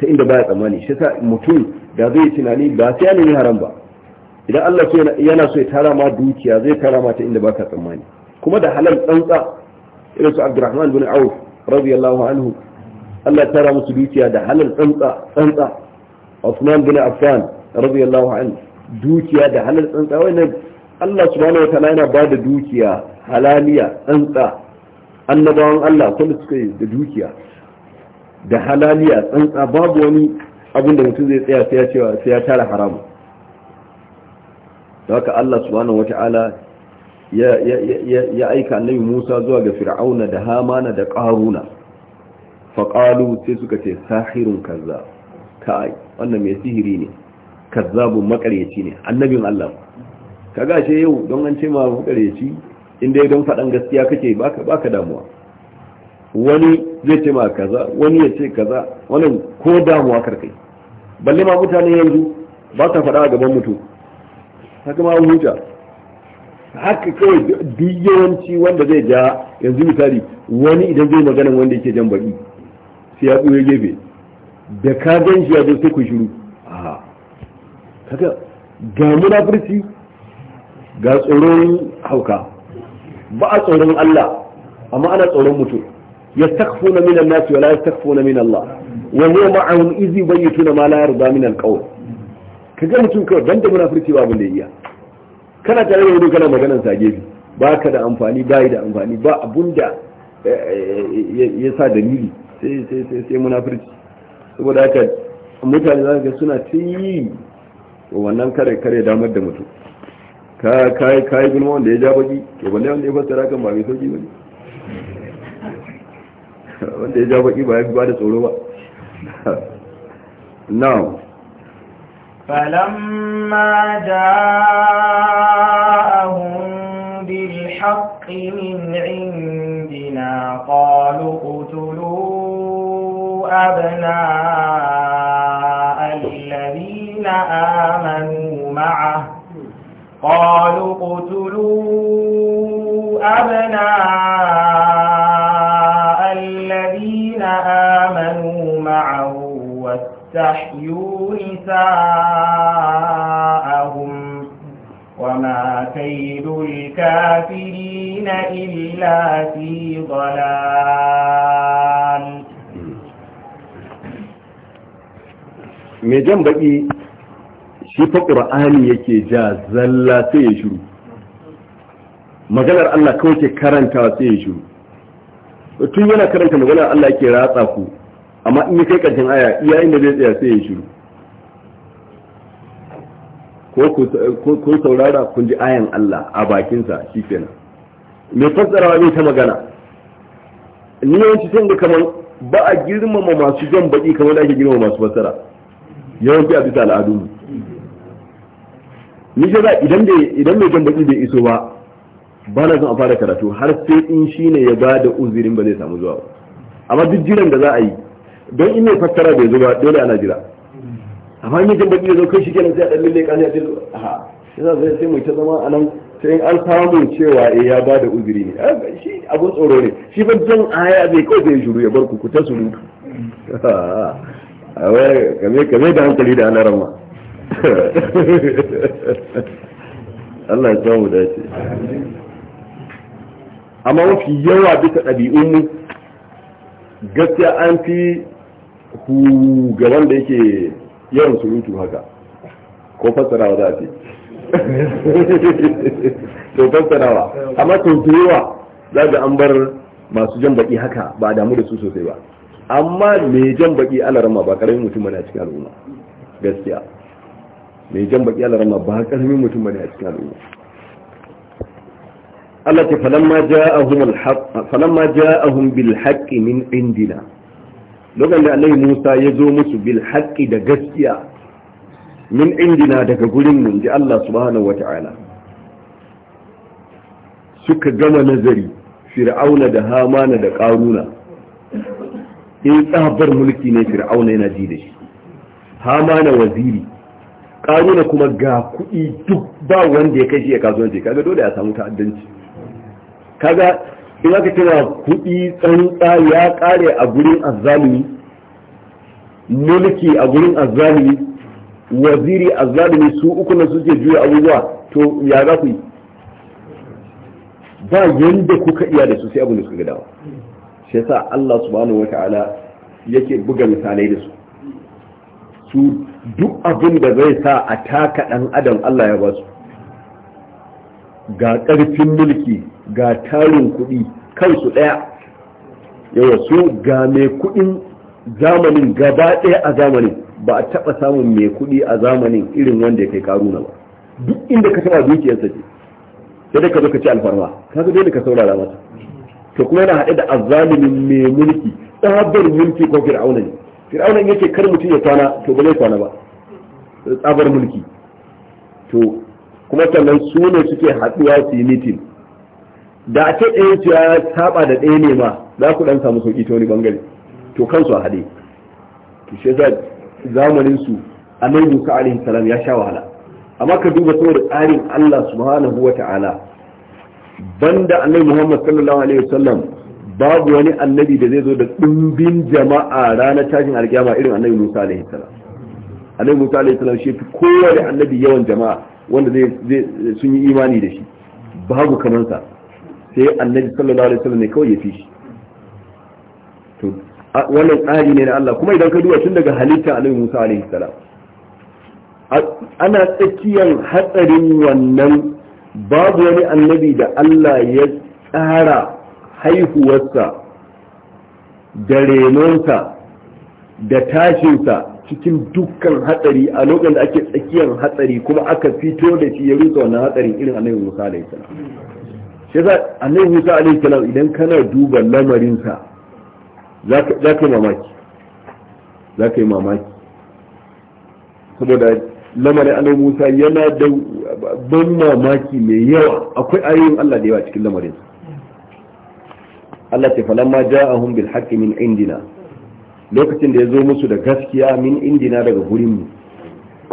ta inda baya tsammani shi yasa mutum da zai tunani ba sai ne haram ba idan Allah yana so ya tara ma dukiya zai tara ma ta inda baka tsammani kuma da halal tsantsa irin su Abdurrahman bin Auf radiyallahu anhu Allah ya tara musu dukiya da halal tsantsa tsantsa Osman bin Affan radiyallahu anhu dukiya da halal tsantsa nan Allah subhanahu ta'ala yana ba da dukiya halaliya tsantsa annabawan Allah kuma suka yi da dukiya da halaliya tsantsa babu wani abin da mutum zai tsaya sai ya cewa sai ya tara haramu da haka Allah subhanahu wataala ya ya aika annabi Musa zuwa ga Fir'auna da Hamana da Qaruna faqalu sai suka ce sahirun kazzab kai wannan mai sihiri ne kazzabun makaryaci ne annabin Allah kaga ce yau don an ce ma makareci inda ya don faɗan gaskiya kake baka baka damuwa wani zai ce ma kaza wani ya ce kaza wannan ko damuwa karkai balle ma mutane yanzu ba ta faɗa a gaban mutum haka ma huta haka kawai duk yawanci wanda zai ja yanzu misali wani idan zai magana wanda yake jan baki sai ya ɓoye gefe da ka gan shi ya sai ku shiru kaga ga munafurci ga tsoron hauka ba a tsoron Allah amma ana tsoron mutum na minan nasu wala ya takfo na min Allah wa ma'aun izi iz yubayituna ma la ba minan al Ka gan mutum kawai dan da munafurci ba abin da iya kana tare da wani kana maganan sage gefe ba ka da amfani ba da amfani ba abun da eh, eh, eh, ya sa dalili sai sai munafurci saboda haka mutane za ga suna ta yi wannan kare kare damar da mutum ka yi kai gulma wanda ya ja baki to balle wanda ya fassara kan ba mai sauki bane wanda ya ja baki ba ya fi ba da tsoro ba now فلما جاءهم بالحق من عندنا قالوا اقتلوه أبناء الذين آمنوا معه قالوا اقتلوا أبناء الذين آمنوا معه واستحيوا نساءهم وما كيد الكافرين إلا في ضلال mai jan baki shi fa qur'ani yake ja zalla sai ya shiru maganar Allah kawai ke karanta sai ya shiru tun yana karanta maganar Allah yake ratsa ku amma in kai karshen aya iya inda zai tsaya sai ya shiru ko saurara kun ji ayan Allah a bakinsa shi kenan mai fassarawa ne ta magana ni yawanci sai da kamar ba a girmama masu jan baki kamar da ake girmama masu fassara yawanci a bisa al'adunmu ni ce idan idan mai jan bai iso ba ba na son a fara karatu har sai in shine ya ba da uzirin ba zai samu zuwa ba amma duk jiran da za a yi don in mai fassara bai zo ba dole ana jira amma in mai jan ya zo kai shi kenan sai a dan lalle kan ya ce ha yasa sai mu ta zama a nan sai an samu cewa eh ya da uzuri ne ah, shi abun tsoro ne shi ban jan aya bai kawai zai shuru ya bar ku ku ta surutu ah, ah. a kame da hankali da alaran ma Allah ya samu dace amma mafi yawa bisa ɗabi'unmu gaskiya an fi hu ga wanda yake yawan surutu haka ko fassarawa za a fi to fassarawa amma tuntuwa za ga an bar masu jan baki haka ba damu da su sosai ba amma mai jan baki alarama ba karamin mutum bane a cikin al'umma gaskiya mai jan baki alarama ba karamin mutum bane a cikin al'umma Allah ta falamma ja'ahum al-haq falamma ja'ahum bil haqq min indina lokacin da Allah Musa ya zo musu bil haqq da gaskiya min indina daga gurin mu ji Allah subhanahu wata'ala suka gama nazari fir'auna da hamana da karuna in tsabar mulki ne fir'auna yana ji da shi hamana waziri karuna kuma ga kuɗi duk ba wanda ya kai shi ya kasuwanci kaga dole ya samu ta'addanci kaga in aka kira kuɗi tsantsa ya ƙare a gurin azzalumi mulki a gurin azzalumi waziri azzalumi su uku na suke juya abubuwa to ya za ku yi ba yanda kuka iya da su sai abin da suka gadawa shi yasa Allah subhanahu wata'ala yake buga misalai da su su duk abin da zai sa a taka dan adam Allah ya basu? ga karfin mulki ga tarin kuɗi kansu ɗaya yawa su ga mai kuɗin zamanin gaba ɗaya a zamanin ba a taba samun mai kuɗi a zamanin irin wanda ya kai karuna ba duk inda ka taɓa dukiyarsa ce sai da ka zo ka ci alfarma ka dole ka saurara mata to kuma yana haɗe da azalimin mai mulki tsabar mulki ko fir'auna ne fir'auna in yake kar mutum ya kwana to ba zai kwana ba tsabar mulki to kuma sannan su ne suke haɗuwa su yi mitin da a ce ɗaya ce ya saba da ɗaya ne ma za ku ɗan samu sauƙi ta wani bangare to kansu a haɗe to shi yasa zamanin su annabi Musa alaihi salam ya sha wahala amma ka duba saboda tsarin Allah subhanahu wa ta'ala banda annabi Muhammad sallallahu alaihi wasallam babu wani annabi da zai zo da dimbin jama'a ranar tashin alkiyama irin annabi Musa alaihi salam annabi Musa alaihi salam shi fi da annabi yawan jama'a wanda zai sun yi imani da shi babu kamar sa sai annabi sallallahu alaihi wasallam ne kawai ya fi shi to wannan tsari ne na Allah kuma idan ka duba tun daga halitta annabi Musa alaihi salam ana tsakiyar hatsarin wannan babu wani annabi da Allah ya tsara haihuwarsa da renonsa da tashinsa cikin dukkan hatsari a lokacin da ake tsakiyar hatsari kuma aka fito da shi ya rusa wannan hatsari irin annabi Musa alaihi salam shi yasa annabi Musa alaihi salam idan kana duba lamarinsa za ka yi mamaki za ka yi mamaki saboda lamarin annabi Musa yana da ban mamaki mai yawa akwai ayoyin Allah da yawa cikin lamarin Allah ce falamma ja'ahum bil haqqi min indina lokacin da ya zo musu da gaskiya min indina daga gurin mu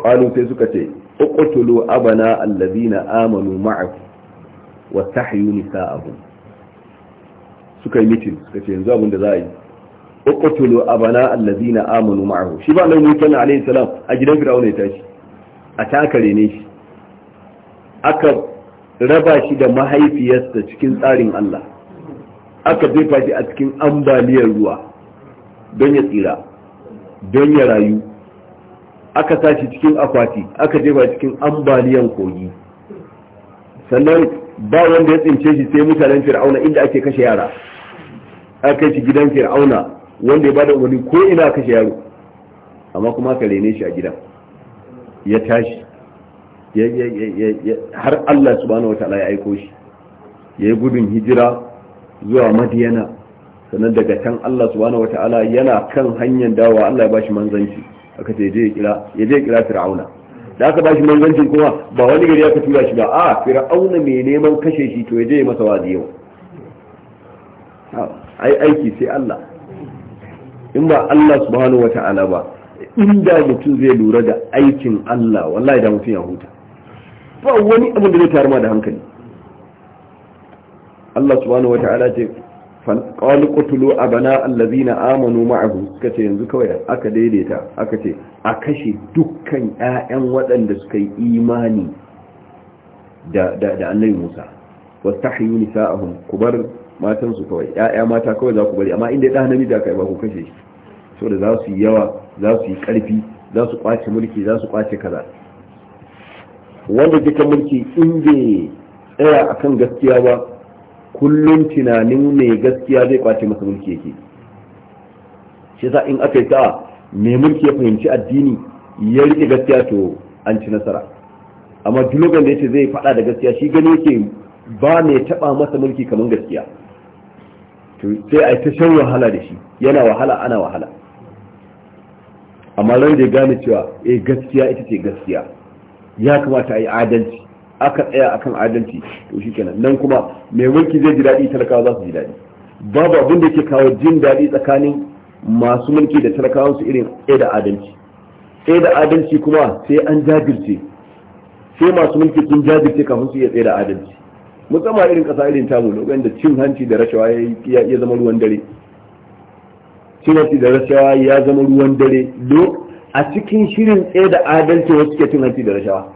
qalu sai suka ce uqtulu abana allazina amanu ma'ahu wa tahyu nisa'ahum suka yi mitin suka ce yanzu abin da za a yi uqtulu abana allazina amanu ma'ahu shi ba nan Musa alayhi salam a gidan Fir'auna ya tashi a takare aka shi aka raba shi da mahaifiyarsa cikin tsarin Allah aka jefa shi a cikin ambaliyar ruwa don ya tsira don ya rayu aka tashi cikin akwati aka jefa cikin ambaliyan kogi sannan ba wanda ya tsince shi sai mutanen fir'auna inda ake kashe yara aka kai shi gidan fir'auna wanda ya bada umarni ko ina kashe yaro amma kuma aka rene shi a gidan ya tashi har Allah subhanahu wataala ya aiko shi ya yi gudun hijira zuwa madiyana sannan daga can Allah subhanahu wataala yana kan hanyar dawa Allah ya bashi manzanci aka ce je ya je kira fir'auna da aka bashi manzancin kuma ba wani gari aka tura shi ba a fir'auna mai neman kashe shi to ya je masa wazi yau ai aiki sai Allah in ba Allah subhanahu ta'ala ba inda mutum zai lura da aikin Allah wallahi da mutum ya huta ba wani abin da zai tarma da hankali Allah subhanahu wata'ala ce qalu qutlu abana allazina amanu ma'ahu kace yanzu kawai aka daidaita aka ce a kashe dukkan ƴaƴan waɗanda suka yi imani da da da annabi Musa wastahyu nisa'ahum kubar matan su kawai ƴaƴa mata kawai za ku bari amma inda ɗa namiji aka yi ba ku kashe shi saboda za su yi yawa za su yi karfi za su kwace mulki za su kwace kaza wanda jikin mulki in bai tsaya a kan gaskiya ba kullum tunanin mai gaskiya zai kwace masa mulki yake shi yasa in aka yi ta mai mulki ya fahimci addini ya rike gaskiya to an ci nasara amma duk lokacin da yace zai faɗa da gaskiya shi gani yake ba mai taɓa masa mulki kamar gaskiya sai a ta shan wahala da shi yana wahala ana wahala amma rai da gane cewa eh gaskiya ita ce gaskiya ya kamata a yi adalci aka tsaya akan adalci to shi kenan nan kuma mai mulki zai ji daɗi talakawa za su ji daɗi babu abin da ke kawo jin daɗi tsakanin masu mulki da talakawan su irin ɗaya da adalci ɗaya da adalci kuma sai an jajirce sai masu mulki sun jajirce kafin su iya tsaye da adalci musamman irin ƙasa irin tamu lokacin da cin hanci da rashawa ya zama ruwan dare shine ci da rashawa ya zama ruwan dare do a cikin shirin tsaye da adalci wasu ke cin hanci da rashawa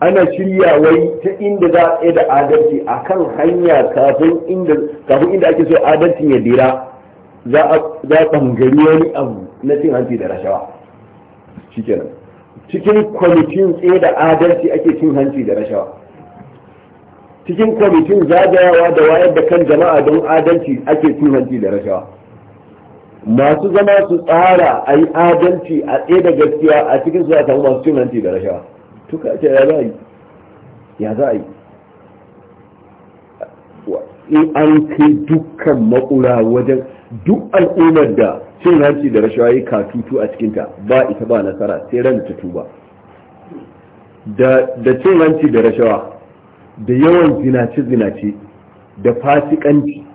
ana shirya wai ta inda za a tsaye da adalci a kan hanya kafin inda ake so adalcin ya dira za a ɓangari wani abu na cin hanci da rashawa shikenan cikin kwamitin tsaye da adalci ake cin hanci da rashawa cikin kwamitin zagayawa da wayar da kan jama'a don adalci ake cin hanci da rashawa masu zama su tsara a yi adalci a tsaye da gaskiya a cikin su ta masu cin hanci da rashawa tuka ce ya za a yi ya za a yi in an kai dukkan makura wajen duk al'ummar da cin hanci da rashawa ka katutu a cikinta ba ita ba nasara sai ran ta tuba da cin hanci da rashawa da yawan zinace-zinace da fasikanci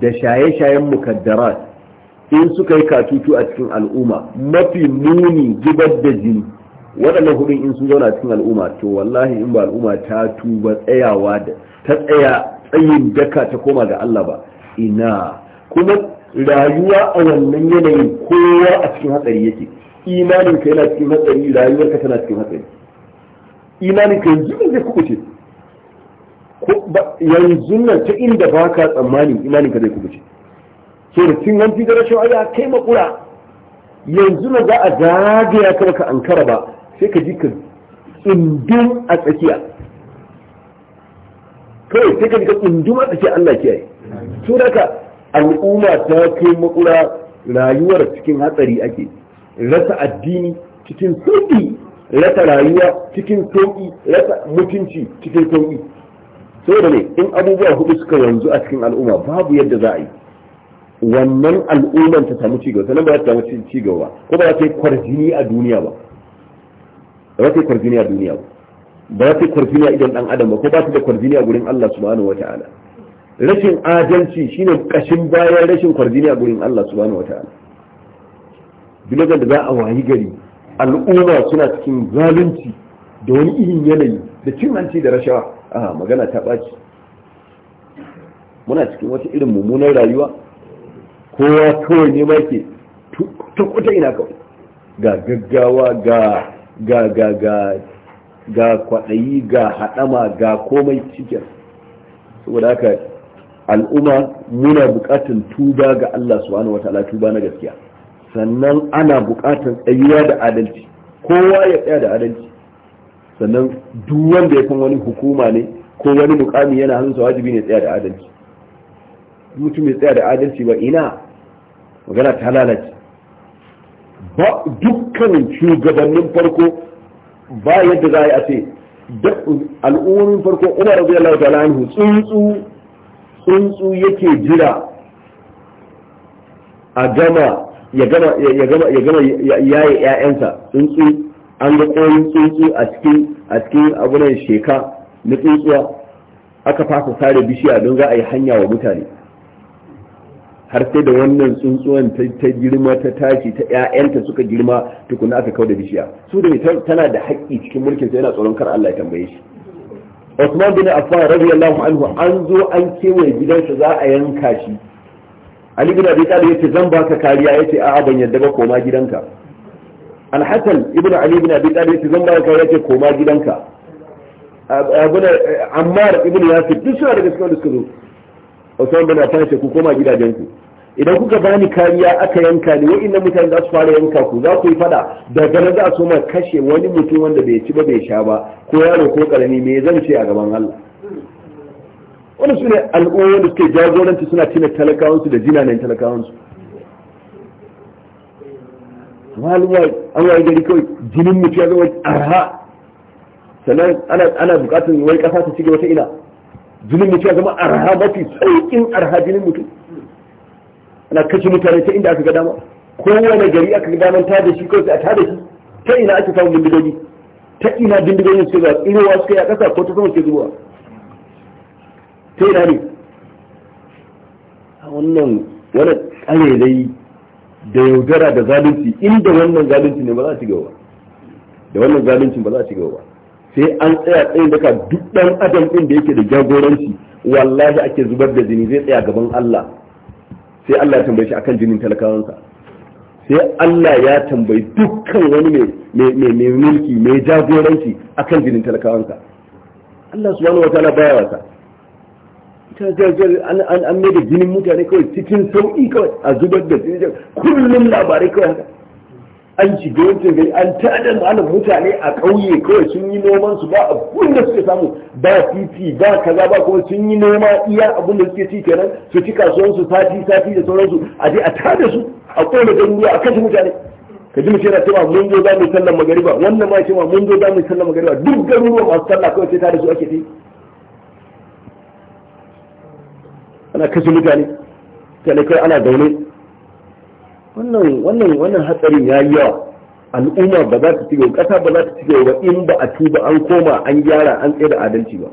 da shaye-shayen mukaddarat in suka yi katutu a cikin al'umma mafi muni zubar da jini waɗannan hudun in sun zauna cikin al'umma to wallahi in ba al'umma ta tuba tsayawa da ta tsaya tsayin daka ta koma ga Allah ba ina kuma rayuwa a wannan yanayin kowa a cikin hatsari yake imanin ka yana cikin hatsari rayuwar ka tana cikin hatsari imanin ka yanzu zai kubuce yanzu nan ta inda baka tsammani imanin ka zai kubuce so da hanci da rashin aya kai makura yanzu na za a zagaya ka ankara ba sai ka ji ka tsundun a tsakiya kawai sai ka ji ka tsundun a tsakiya Allah kiyaye so da al'umma ta kai makura rayuwar cikin hatsari ake rasa addini cikin sauki rasa rayuwa cikin sauƙi rasa mutunci cikin sauƙi saboda ne in abubuwa hudu suka yanzu a cikin al'umma babu yadda za a yi wannan al'ummar ta samu cigaba sannan ba za ta samu cigaba ko ba za ta yi kwarjini a duniya ba ba za ta yi kwarjini a duniya ba ba za ta yi kwarjini a idan dan adam ba ko ba ta da kwarjini a gurin Allah subhanahu wataala rashin adalci shine kashin bayan rashin kwarjini a gurin Allah subhanahu wataala duk da za a wayi gari al'umma suna cikin zalunci da wani irin yanayi da cin hanci da rashawa a magana ta ɓaci muna cikin wata irin mummunar rayuwa kowa kawai ne maki ta kuta ina kawai ga gaggawa ga ga ga ga ga kwaɗayi ga haɗama ga komai cikin saboda haka al'umma muna buƙatar tuba ga Allah subhanahu wa ta'ala tuba na gaskiya sannan ana buƙatar tsayuwa da adalci kowa ya tsaya da adalci sannan duk wanda ya kan wani hukuma ne ko wani mukami yana hannunsa wajibi ne tsaya da adalci mutum ya tsaya da adalci ba ina magana ta lalace ba dukkan shugabannin farko ba yadda za a yi a ce al'ummomin farko umar radiyallahu ta'ala anhu tsuntsu tsuntsu yake jira a gama ya gama ya gama ya gama yaye ƴaƴansa tsuntsu an ga ƙoyin tsuntsu a cikin a cikin abunan sheka na tsuntsuwa aka fasa sare bishiya don za a yi hanya wa mutane har sai da wannan tsuntsuwan ta girma ta tashi ta ƴaƴanta suka girma tukuna aka kauda bishiya su da tana da haƙƙi cikin mulkin sa yana tsoron kar Allah ya tambaye shi Usman bin Affan radiyallahu anhu an zo an kewaye gidansa za a yanka shi Ali bin Abi Talib yace zan baka kariya yace a'a ban yadda ba koma gidanka Al-Hasan ibn Ali bin Abi Talib yace zan baka kariya yace koma gidanka Abu Ammar ibn Yasir duk suna daga cikin da suka zo Usman bin na ce ku koma gidajenku idan kuka bani kariya aka yanka ni wa'annan mutane za su fara yanka ku za ku yi fada daga nan za a soma kashe wani mutum wanda bai ci ba bai sha ba ko yaro ko karami me zan ce a gaban Allah wani su ne al'umma da suke jagoranci suna tina talakawansu da jinanen talakawansu maluwa an waye gari kawai jinin mutum ya zama arha sannan ana bukatar wai kasa ta cike wata ina jinin mutum ya zama arha mafi sauƙin arha jinin mutum ana kashe mutane ta inda aka ga dama kowane gari aka ga daman tada shi kawai a tada shi ta ina ake samun bindigogi ta ina bindigogin suke zuwa tsirowa suka yi a ƙasa ko ta sama suke zuwa ta ina ne a wannan wani tsarelai da yaudara da zalunci inda wannan zalunci ne ba za a ci gaba da wannan zalunci ba za a ci gaba sai an tsaya tsayin daga duk dan adam din da yake da jagoranci wallahi ake zubar da jini zai tsaya gaban Allah sai Allah ya tambaye shi akan jinin talakawansa sai Allah ya tambayi dukkan wani mai mai mulki mai jagoranci akan jinin talakawansa Allah subhanahu wataala baya wasa an an mai da jinin mutane kawai cikin sauƙi kawai a zubar da jini kullum labarai kawai haka an shige wancan gari an tada mana mutane a ƙauye kawai sun yi noman su ba abun da suke samu ba titi ba kaza ba kuma sun yi noma iya abun da suke ci kenan su ci kasuwan su sati sati da sauransu a je a tada su a kona garuruwa a kashe mutane ka ji mace na cewa mun zo za mu sallar magariba wannan ma cewa mun zo za mu sallar magariba duk garuruwa masu sallah kawai sai tada su ake ci ana kashe mutane kai ana zaune wannan hatsarin ya yi yawa al'umma ba za ta ci gaba kasa ba za ta ci gaba in ba a tuba an koma an gyara an tsaye da adalci ba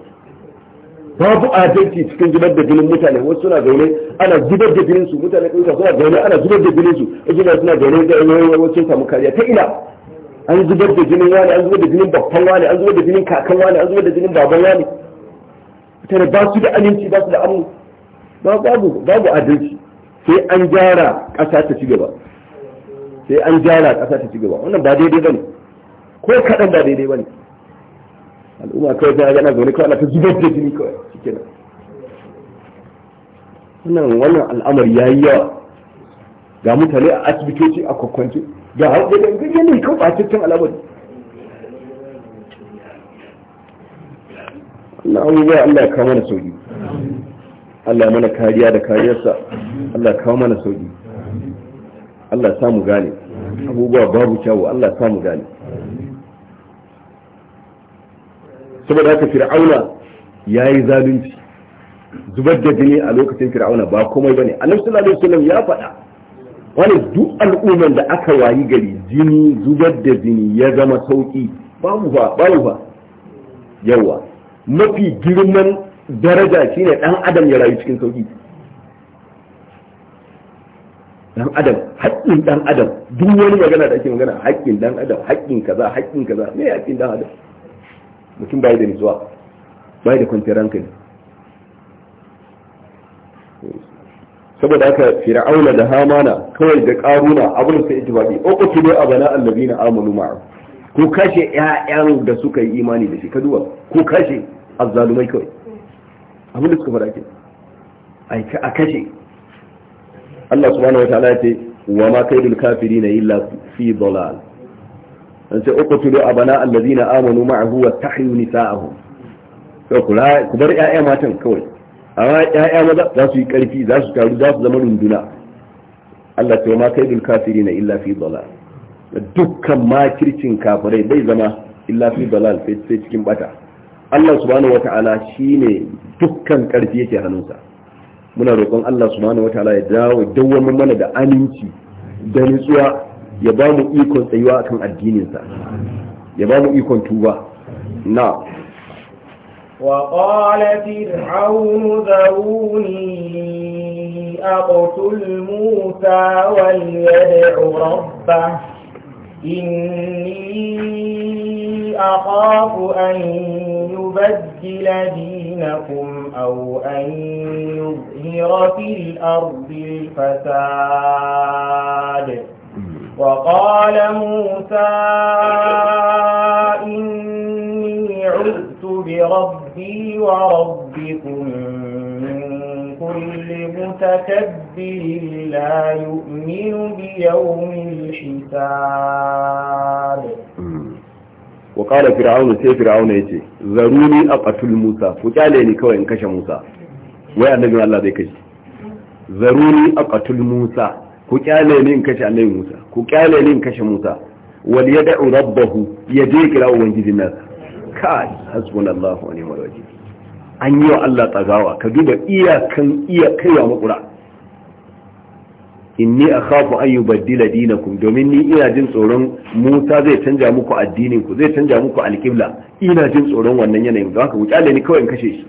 babu adalci cikin zubar da jinin mutane wasu suna zaune ana zubar da jinin su mutane ɗin suna zaune ana zubar da jinin su ejina suna zaune da yawan wasu samu kariya ta ina an zubar da jinin wani an zubar da jinin babban wani an zubar da jinin kakan wani an zubar da jinin baban wani mutane ba su da aminci ba su da amu babu babu adalci sai an gyara ƙasa ta ci gaba sai an gyara ƙasa ta ci gaba wannan ba daidai bane ko kaɗan ba daidai bane al'umma kawai ta gana zaune kawai ana ta zubar da jini kawai nan wannan wannan al'amari ya yi yawa ga mutane a asibitoci a kwakwance ga haɗe da kawai ba cikin al'amari wannan abubuwa Allah ya kama da sauki Allah mana kariya da kariyarsa Allah kawo mana sauki Allah samu gane abubuwa babu kyawu Allah samu gane saboda haka fir'auna ya yi zalunci zubar da jini a lokacin fir'auna ba komai bane ne. sallallahu alaihi wasallam ya faɗa wani duk al'umman da aka wayi gari jini zubar da jini ya zama sauki babu ba babu ba yawa mafi girman daraja shine dan adam ya rayu cikin sauki dan adam haƙƙin dan adam duk wani magana da ake magana haƙƙin dan adam haƙƙin kaza haƙƙin kaza me haƙƙin dan adam mutum bai da nutsuwa bai da kwanciyar hankali saboda haka fir'auna da hamana kawai da karuna abin sai ittifaqi o ko kide abana allazina amanu ma ko kashe ƴaƴan da suka yi imani da shi ka duba ko kashe azzalumai kawai abin da suka fara ke a kashe Allah subhanahu wa ta'ala ya ce wa ma kafiri na illa fi dalal an ce uku uqtulu abana allazina amanu ma'ahu wa tahyu nisa'ahum to kula ku bar ƴaƴa matan kawai amma ƴaƴa maza za su yi ƙarfi za su taru za su zama runduna Allah ta ma kafiri na illa fi dalal dukkan makircin kafirai bai zama illa fi dalal sai cikin bata Allah subhanahu shi ne dukkan karfi yake hannunsa muna roƙon Allah subhanahu ta'ala ya dawo dawwamar mana da aminci da nutsuwa ya ba mu ikon tsayuwa akan addininsa ya ba mu ikon tuba na وقال فرعون ذروني أقتل موسى وليدع ربه إني أخاف أن يبدل دينكم أو أن يظهر في الأرض الفساد وقال موسى إني عذت بربي وربكم من كل متكبر لا يؤمن بيوم الحساب وقال فرعون سي فرعون يتي ذروني أقتل موسى فجاليني كوي انكش موسى ويا النبي الله ذي كشي ذروني أقتل موسى فجاليني انكش النبي موسى فجاليني انكش موسى وليدع ربه يديك لأول جد الناس كاي حسبنا الله ونعم الوكيل an yi wa Allah tsagawa ka duba iyakan iya kaiwa makura inni akhafu an yi yubaddila dinakum domin ni ina jin tsoron Musa zai canja muku addinin ku zai canja muku alkibla. ina jin tsoron wannan yanayin don haka wuce ni kawai in kashe shi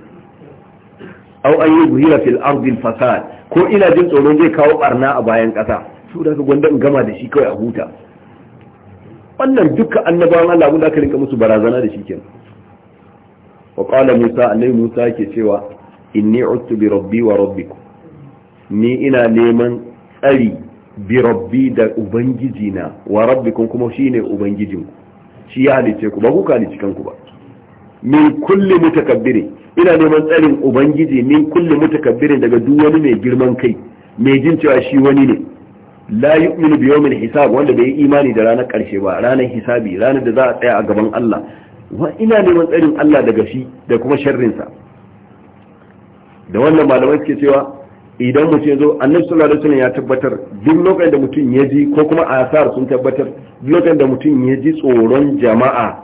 aw an yuzhira fil ardi al fasad ko ina jin tsoron zai kawo barna a bayan kasa su da gwanda in gama da shi kawai a huta wannan duka annabawan Allah abin da aka rinka musu barazana da shi kenan wa qala musa annabi musa yake cewa inni uttu bi rabbi wa rabbikum ni ina neman tsari bi rabbi da ubangiji wa rabbikum kuma shine ubangijinku shi ya halice ku ba ku halice kanku ba min kulli mutakabbiri ina neman tsarin ubangiji min kulli mutakabbirin daga duk wani mai girman kai mai jin cewa shi wani ne la yu'minu bi yawmil hisab wanda bai imani da ranar karshe ba ranar hisabi ranar da za a tsaya a gaban Allah wa ina neman tsarin Allah daga shi da kuma sharrinsa da wannan malamai suke cewa idan mutum ya zo annabi sallallahu alaihi wasallam ya tabbatar duk lokacin da mutum ya ji ko kuma asar sun tabbatar duk lokacin da mutum ya ji tsoron jama'a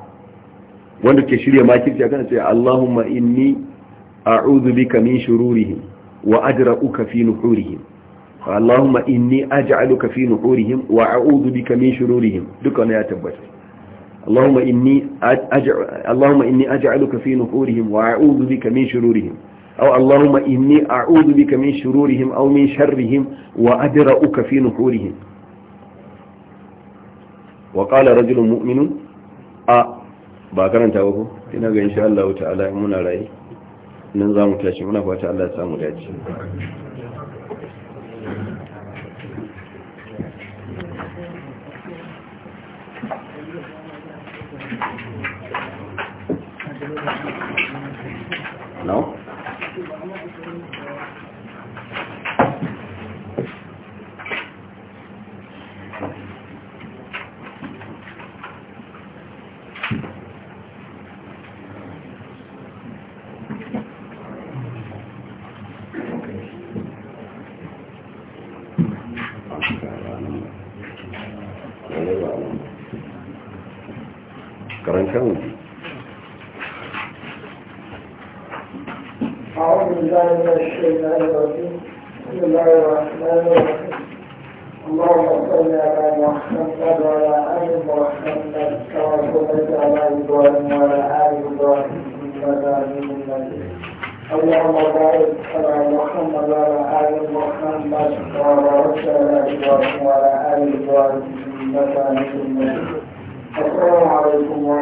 wanda ke shirya makirci akan sai Allahumma inni a'udhu bika min shururihim wa ajra'uka fi nuhurihim Allahumma inni aj'aluka fi nuhurihim wa a'udhu bika min shururihim duka ne ya tabbatar اللهم إني, أجعل اللهم إني أجعلك في نفورهم وأعوذ بك من شرورهم أو اللهم إني أعوذ بك من شرورهم أو من شرهم وأدرأك في نفورهم وقال رجل مؤمن أ باكرن تاوكو ina ga insha Allah ta'ala muna rayi nan zamu tashi muna fata Allah ya samu dace No? الكون محمد وعلى آل محمد وعلى بسم الله وعلى آل اللهم صل على محمد وعلى آل محمد كما صليت على إبراهيم وعلى آل إبراهيم إنك حميد مجيد اللهم بارك على محمد وعلى آل محمد كما باركت على إبراهيم وعلى آل إبراهيم إنك حميد مجيد السلام عليكم ورحمة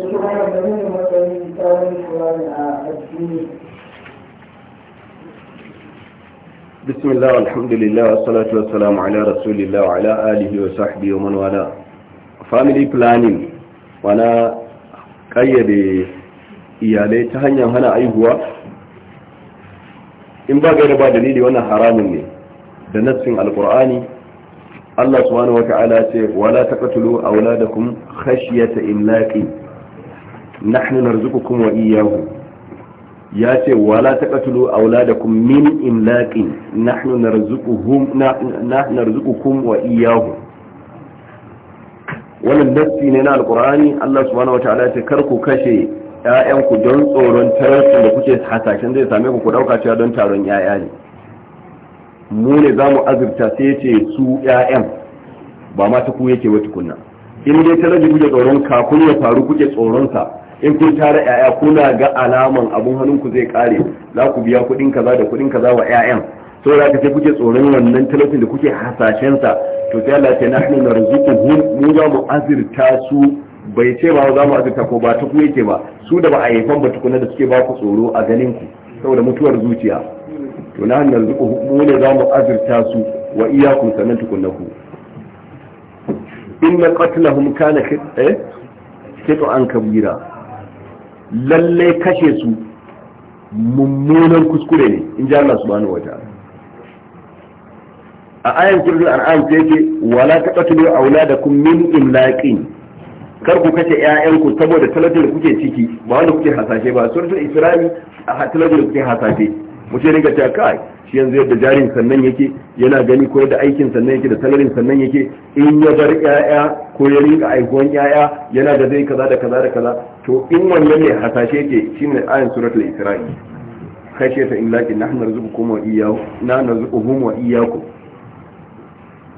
yanzu ana gani ne matsayin tsarin kurani بسم الله والحمد لله والصلاة والسلام على رسول الله وعلى آله وصحبه ومن والاه family planning wana kayyade iyalai ta hanyar hana aihuwa in ba gaira ba dalili wannan haramun ne da nassin alkur'ani Allah subhanahu wa ta'ala ce wala taqtulu awladakum khashyata imlaqi نحن نرزقكم وإياه iyyahu ya ce wala taqtulu auladakum min imlaqin nahnu narzuquhum wa wannan nassi ne na alƙurani Allah subhanahu wa ta'ala ya kar ku kashe ‘ya'yanku don tsoron tararsun da kuke hasashen zai same ku ku ɗauka cewa don taron ‘ya'ya ne mu ne za azurta sai ce su ‘ya'yan ba ma ta ku yake wa tukunna in dai rage kuke tsoron kafin ya faru kuke tsoronsa in kun tara yaya kuna ga alaman abun hannunku zai kare za ku biya kuɗin kaza da kuɗin kaza wa yayan saboda ka ce kuke tsoron wannan talaucin da kuke hasashen sa to sai Allah ya na hannun hun mu ga mu azirta su bai ce ba za mu azirta ko ba ta ku yake ba su da ba a haifan ba tukuna da suke ba ku tsoro a ganin ku saboda mutuwar zuciya to na hannun narzuquhum mu ne za mu azirta su wa iyyakum sanan ku inna qatlahum kana eh to an kabira lalle kashe su mummunan kuskure ne in ji Allah subhanahu wa ta'ala a ayan suratul an'am sai ce, wala taqtulu auladakum min imlaqin kar ku kashe ƴaƴanku saboda talatin da kuke ciki ba wanda kuke hasashe ba suratul isra'i a talatin da kuke hasashe mushe ne ga ta kai shi yanzu yadda jarin sannan yake yana gani ko yadda aikin sannan yake da salarin sannan yake in ya bar 'ya'ya ko ya rinka 'ya'ya yaya yana da zai kaza da kaza da kaza to in wannan ne hasashe yake shine ayan suratul isra'i khashiyata illahi nahnu narzuqukum wa iyyakum nahnu narzuquhum wa iyyakum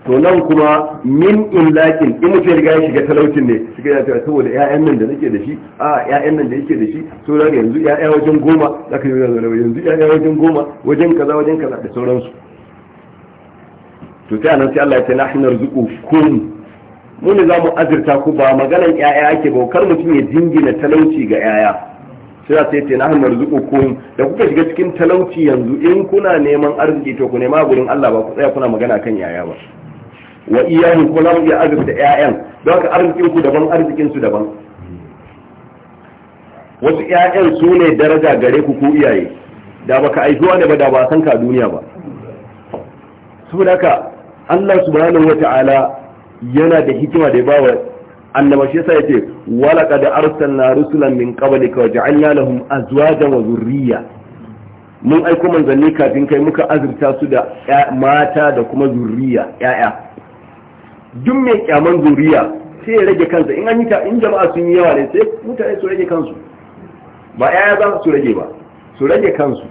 to nan kuma min lakin in mutum riga ya shiga talaucin ne shiga ya tawa saboda ƴaƴan nan da nake da shi a ƴaƴan nan da yake da shi to zaka yanzu ƴaƴa wajen goma zaka yi yanzu ƴaƴa wajen goma wajen kaza wajen kaza da sauransu to sai nan sai Allah ya ce nahnu kun mu ne zamu azurta ku ba maganan ƴaƴa ake ba kar mutum ya dingina talauci ga ƴaƴa sai za sai ce nahnu kun da kuka shiga cikin talauci yanzu in kuna neman arziki to ku nema gurin Allah ba ku tsaya kuna magana kan ƴaƴa ba wa iyali ko za mu iya azurta 'ya'yan don haka arzikin ku daban arzikin su daban wasu 'ya'yan su ne daraja gare ku ku iyaye da baka aihuwa ne ba da ba san ka duniya ba saboda haka Allah subhanahu wata'ala yana da hikima da ya ba wa annaba shi yasa yace wala qad arsalna rusulan min qablika wa ja'alna lahum azwajan wa zurriya. mun aiko manzanni kafin kai muka azurta su da mata da kuma zurriya ya'ya duk mai kyaman zuriya sai ya rage kansa in an yi in jama'a sun yi yawa ne sai mutane su rage kansu ba yaya za su rage ba su rage kansu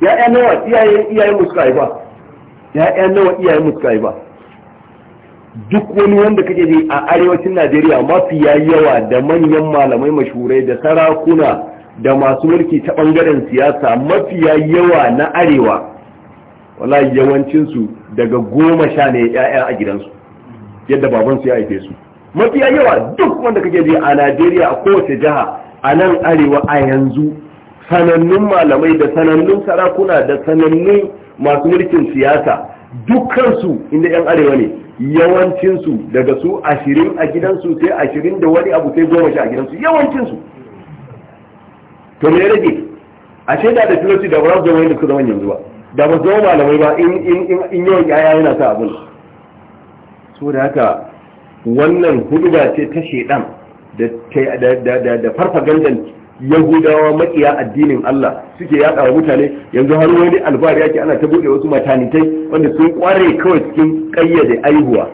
ya'ya nawa iyayen iyayen mu suka haifa ya'ya nawa iyayen mu suka haifa duk wani wanda kake ji a arewacin Najeriya mafiya yawa da manyan malamai mashurai da sarakuna da masu mulki ta bangaren siyasa mafiya yawa na arewa yawancin yawancinsu daga goma sha ne ya'ya a gidansu yadda babansu ya aife su mafiya yawa duk wanda kake ji a Najeriya a kowace jiha a nan arewa a yanzu sanannun malamai da sanannun sarakuna da sanannun masu mulkin siyasa dukkansu inda yan arewa ne yawancinsu daga su ashirin a gidansu sai ashirin da wani abu sai goma sha a gidansu yawancinsu to me rage ashe da da filosi da ba za su zama yadda suka zama yanzu ba da ba zama malamai ba in yawan yaya yana sa abun. so da haka wannan huduba ce ta shedan da farfagandan yahudawa makiya addinin Allah suke yada mutane yanzu har wani alfahari yake ana ta bude wasu matanitai wanda sun kware kawai cikin ƙayyade aihuwa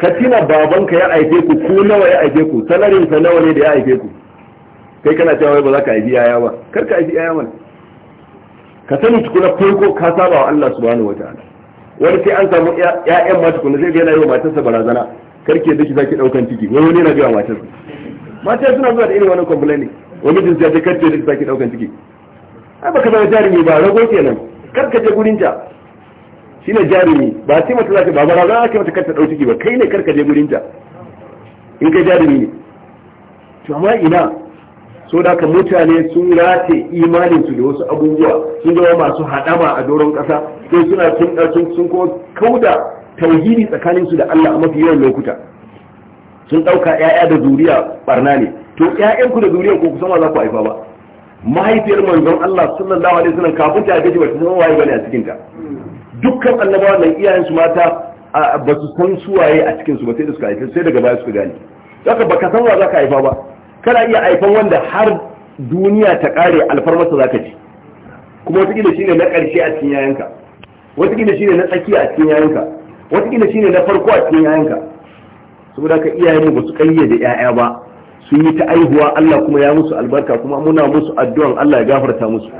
ka tina babanka ya aike ku ko nawa ya aike ku salarin nawa ne da ya aike ku kai kana cewa ba za ka aiki yaya ba kar ka aiki yaya mana ka sani na farko ka saba wa Allah subhanahu ta'ala wani sai an samu ƴaƴan ma tukuna zai ga yi wa matarsa barazana karke da shi zaki daukan ciki wani wani yana ga matarsa matar suna zuwa da irin wani complaint wani jinsi ya ce karke da shi zaki daukan ciki ai baka zama jarumi ba rago kenan kar ka je gurin ta shine jarumi ba sai mata zaka ba barazana ake mata karta dauki ciki ba kai ne kar ka je gurin ta in kai jarumi ne to amma ina so da ka mutane sun rate imanin su da wasu abubuwa sun zama masu hadama a doron kasa sai suna sun sun ko kauda tauhidi tsakanin su da Allah a mafi yawan lokuta sun dauka ƴaƴa da zuriya barna ne to ƴaƴan ku da ko ku ma za ku haifa ba mahaifiyar manzon Allah sallallahu alaihi wasallam kafin ta gaji ba sun san waye bane a cikin ta dukkan annabawan nan iyayen su mata ba su san suwaye a cikin su ba sai da suka haife sai daga baya suka gane ba baka san wa za ka haifa ba kana iya aifan wanda har duniya ta kare alfarmarsa ka ci kuma shi shine na ƙarshe a cikin yayanka shi shine na tsakiya a cikin yayanka shi shine na farko a cikin yayanka saboda ka iyayen ba su kayyade 'ya'ya ba sun yi ta aihuwa Allah kuma ya musu albarka kuma muna musu addu'an Allah ya gafarta musu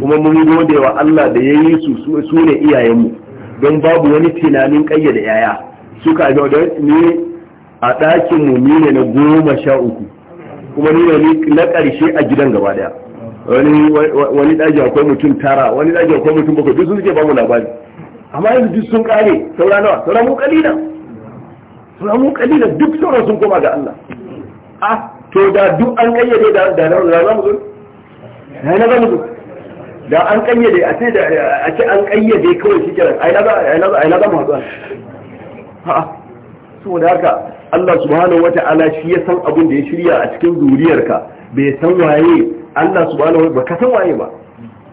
kuma mun gode wa Allah da ya yi su su ne iyayenmu don babu wani tunanin kayyade yaya suka ga ne a ɗakinmu mu ne na goma sha uku kuma ni ne na karshe a gidan gaba daya wani wani daji akwai mutum tara wani daji akwai mutum bakwai duk sun suke ba mu labari amma yanzu duk sun kare saura nawa saura mu kalila saura mu kalila duk sauran sun koma ga Allah ah to da duk an kayyade da da da za mu zo na na za mu zo da an kayyade a ce da a ce an kayyade kawai shi kenan ai na za ai na za ai na za mu haɗu ha da haka Allah subhanahu wata'ala shi ya san abin da ya shirya a cikin zuriyarka bai san waye Allah subhanahu wa baka san waye ba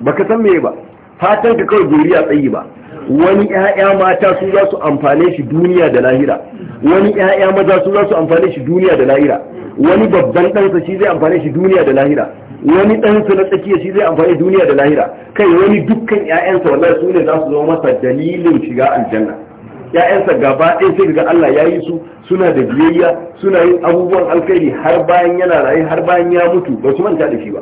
baka san me ba fatan ka kawai zuriya tsayi ba wani ƴaƴa mata su za su amfane shi duniya da lahira wani ƴaƴa maza su za su amfane shi duniya da lahira wani babban ɗansa shi zai amfane shi duniya da lahira wani ɗansa na tsakiya shi zai amfani duniya da lahira kai wani dukkan ƴaƴansa wallahi su ne za su zama masa dalilin shiga aljanna ya'yansa gaba ɗaya sai ga Allah ya yi su suna da biyayya suna yin abubuwan alkhairi har bayan yana raye har bayan ya mutu ba su manta da shi ba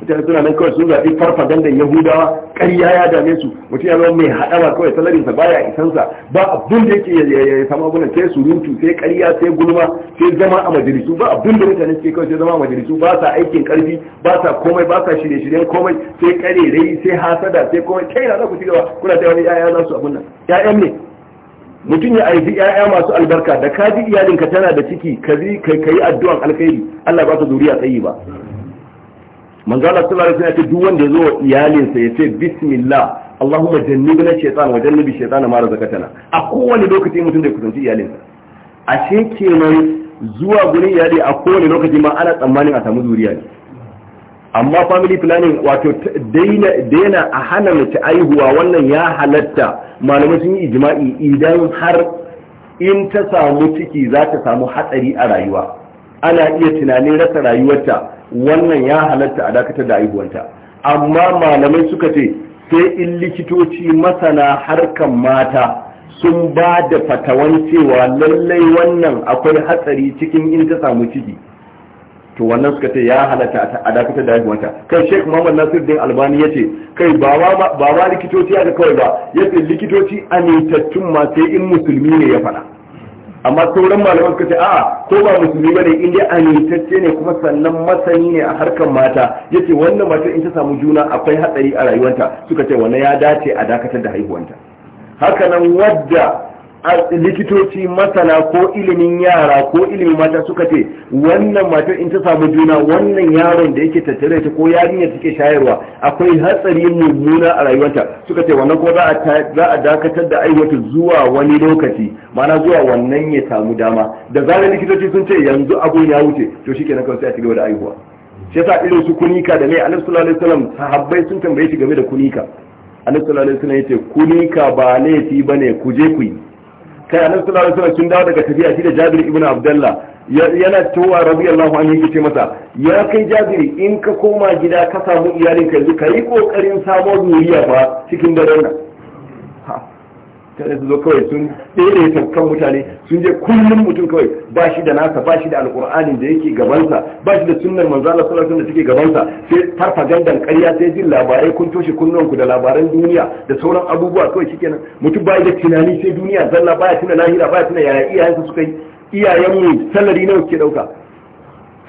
mutane suna nan kawai sun zaɓi farfagandan yahudawa ƙarya ya dame su mutum ya zama mai haɗawa kawai salarinsa baya isansa ba abin da yake ya samu abin sai surutu sai ƙarya sai gulma sai zama a majalisu ba abin da mutane suke kawai sai zama a majalisu ba sa aikin ƙarfi ba sa komai ba sa shirye-shiryen komai sai ƙarerai sai hasada sai komai kai na za ku ci gaba kuna ta wani 'ya'ya za su abin nan 'ya'yan ne mutum ya aiki yaya masu albarka da ka ji iyalinka tana da ciki ka yi addu'an alkhairi Allah ba ta zuriya tsayi ba manzo Allah sallallahu alaihi wasallam duk wanda ya zo iyalinsa ya ce bismillah Allahumma jannibna shaytan wa jannibi shaytana ma razaqtana a kowane lokaci mutum da kusanci iyalinsa ashe kenan zuwa gurin iyali a kowane lokaci ma ana tsammanin a samu zuriya ne amma family planning wato daina a hana mace aihuwa wannan ya halatta malamai sun yi ijma'i idan har in ta samu ciki za ta samu hatsari a rayuwa ana iya tunanin rasa rayuwarta wannan ya halatta a dakatar da aihuwanta amma malamai suka ce sai in likitoci masana harkan mata sun ba da fatawan cewa lallai wannan akwai hatsari cikin in ta samu ciki to wannan suka ce ya halatta a dakatar da haihuwanta kai sheik muhammad nasir din albani ya ce kai ba ba likitoci haka kawai ba ya ce likitoci amintattun ma masu in musulmi ne ya faɗa amma sauran malaman suka ce a'a ko ba musulmi ne in dai amintacce ne kuma sannan masani ne a harkar mata Ya yace wannan mata in ta samu juna akwai hatsari a rayuwanta suka ce wannan ya dace a dakatar da haihuwanta Hakanan wadda likitoci masana ko ilimin yara ko ilimin mata suka ce wannan matar in ta samu juna wannan yaron da yake tattare ta ko yarinya take shayarwa akwai hatsari mummuna a rayuwarta suka ce wannan ko za a dakatar da aiwata zuwa wani lokaci mana zuwa wannan ya samu dama da zara likitoci sun ce yanzu abun ya wuce to shikenan kawai sai a cigaba da aihuwa shi yasa irin su kunika da mai annabi sallallahu alaihi wasallam sahabbai sun tambaye shi game da kunika annabi sallallahu alaihi wasallam yace kunika ba laifi bane ku je ku yi kai annabi sallallahu alaihi wasallam dawo daga tafiya shi da Jabir ibn Abdullah yana cewa radiyallahu anhu yake masa ya kai Jabiri in ka koma gida ka samu iyalinka yanzu ka yi kokarin samo zuriya fa cikin daren nan sai su zo kawai sun ta kan mutane sun je kullum mutum kawai ba shi da nasa ba shi da alƙur'anin da yake gabansa ba shi da sunan manzo Allah sallallahu alaihi da take gabansa sai farfagandan ƙarya sai jin labarai kun toshe kunnuwanku da labaran duniya da sauran abubuwa kawai kenan mutum ba da tunani sai duniya zalla ya tuna lahira ya tuna yaya iyayensa suka yi iyayenmu salari nawa ke dauka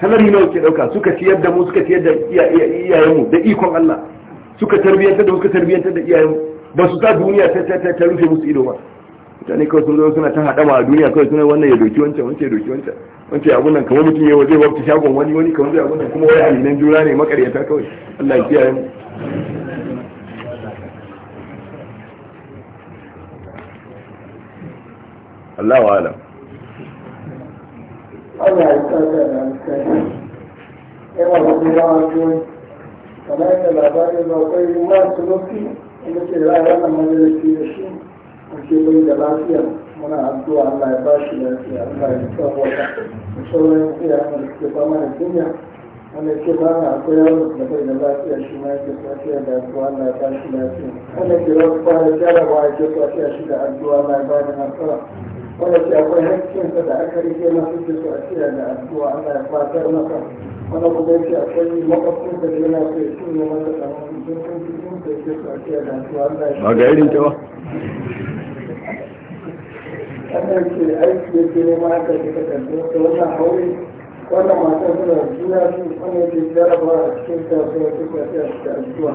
salari nawa ke dauka suka siyar da mu suka siyar da iyayenmu da ikon Allah suka tarbiyantar da mu suka tarbiyantar da iyayenmu ba su sa duniya ta rufe musu ido ba mutane kawai sun zo suna ta haɗama a duniya kawai suna wannan ya doki wancan wancan ya doki wancan wancan abun nan kamar mutum yawa zai wabta shagon wani wani kamar zai abun kuma wani aminan jura ne makaryata kawai Allah ya kiyaye mu Allah wa alam Allah ya tsaka da alƙali yana da kuma kamar yadda labarin ba kai masu nufi in ce za a wannan majalisi da shi ake bai da lafiya muna addu'a Allah ya ba shi lafiya Allah ya tsawon wata da sauran iyayen da suke fama da jinya wanda ke ba na akwai yawon da bai da lafiya shi ma yake lafiya da addu'a Allah ya ba shi lafiya wanda ke rasu jarabawa yake shi da addu'a Allah ya ba da nasara wadda akwai hakkinsa da aka rike masu ke so a cire da addu'a Allah ya fatar maka wanda kuma yake akwai makwabcin da yana so ya cinye masa da masu jirgin cikin da ke so a cire da addu'a ya ga irin ta ba wannan aiki yake nema aka yi takardu da wannan haure wannan matan suna juna su wanda ke jarabawa a cikin kasuwa su ka cire da addu'a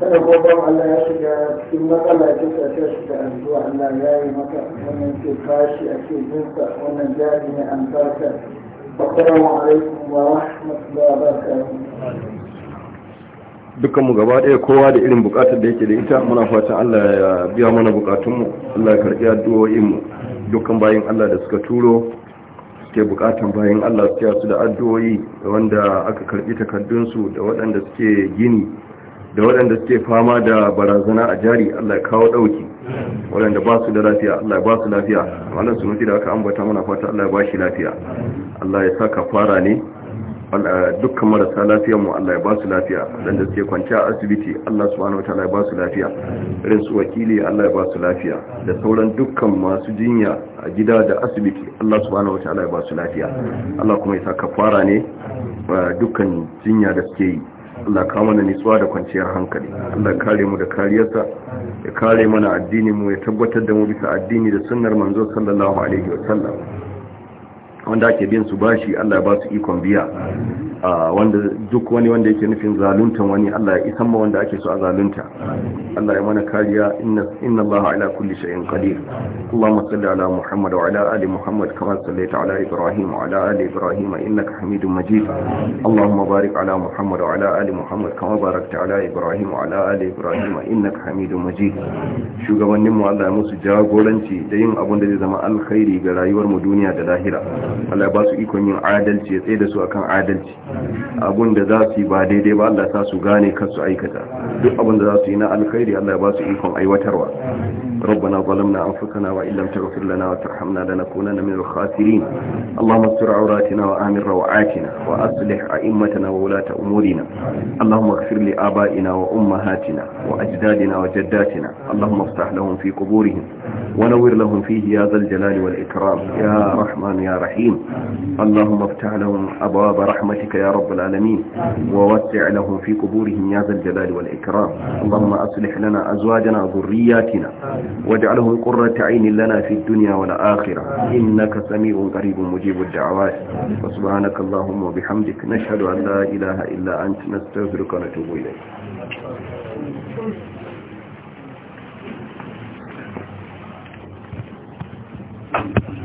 kada gobe Allah ya shiga cikin matsala ta tafiya shi da addu'a Allah ya yi maka wannan ke kashi a ke jinsa wannan jari ne an barka assalamu alaikum wa rahmatullahi wa barakatuh dukkanmu gaba ɗaya kowa da irin bukatar da yake da ita muna fatan Allah ya biya mana bukatunmu Allah ya karɓi mu dukkan bayan Allah da suka turo suke bukatan bayan Allah su su da addu'o'i wanda aka karɓi takardunsu da waɗanda suke gini da waɗanda suke fama da barazana a jari Allah kawo ɗauki waɗanda ba su da lafiya Allah ba su lafiya wannan sunuti da aka ambata mana fata Allah ba shi lafiya Allah ya saka fara ne dukkan marasa lafiyar mu Allah ya ba su lafiya waɗanda suke kwanciya a asibiti Allah subhanahu wataala ya ba su lafiya irin su wakili Allah ya ba su lafiya da sauran dukkan masu jinya a gida da asibiti Allah subhanahu wataala ya ba su lafiya Allah kuma ya saka fara ne dukkan jinya da suke yi Allah ka mana nitsuwa da kwanciyar hankali Allah kare mu da kariyarsa ya kare mana addini mu ya tabbatar da mu bisa addini da sunnar manzo sallallahu alaihi wasallam wanda ake bin su bashi Allah ba su ikon biya wanda duk wani wanda yake nufin zaluntan wani Allah ya isan ma wanda ake so a zalunta Allah ya mana kariya inna inna Allah ala kulli shay'in qadir Allahumma salli ala Muhammad wa ala ali Muhammad kama sallaita ala Ibrahim wa ala ali Ibrahim innaka Hamidum Majid Allahumma barik ala Muhammad wa ala ali Muhammad kama barakta ala Ibrahim wa ala ali Ibrahim innaka Hamidum Majid shugabannin mu Allah ya musu jagoranci da yin abun da zai zama alkhairi ga rayuwar mu duniya da lahira Allah ya ba su ikon yin adalci ya tsaye da su akan adalci abun da za su yi ba daidai ba Allah ta su gane kar su aikata duk abun da za su yi na alkhairi Allah ya ba su ikon aiwatarwa ربنا ظلمنا أنفسنا وإن لم تغفر لنا وترحمنا لنكونن من الخاسرين اللهم استر عوراتنا وآمن روعاتنا وأصلح أئمتنا وولاة أمورنا اللهم اغفر لآبائنا وأمهاتنا وأجدادنا وجداتنا اللهم افتح لهم في قبورهم ونور لهم فيه يا ذا الجلال والإكرام يا رحمن يا رحيم اللهم افتح لهم أبواب رحمتك برحمتك يا رب العالمين ووسع لهم في قبورهم يا ذا الجلال والإكرام اللهم أصلح لنا أزواجنا ذرياتنا واجعلهم قرة عين لنا في الدنيا والآخرة إنك سميع قريب مجيب الدعوات وسبحانك اللهم وبحمدك نشهد أن لا إله إلا أنت نستغفرك ونتوب إليك Thank you.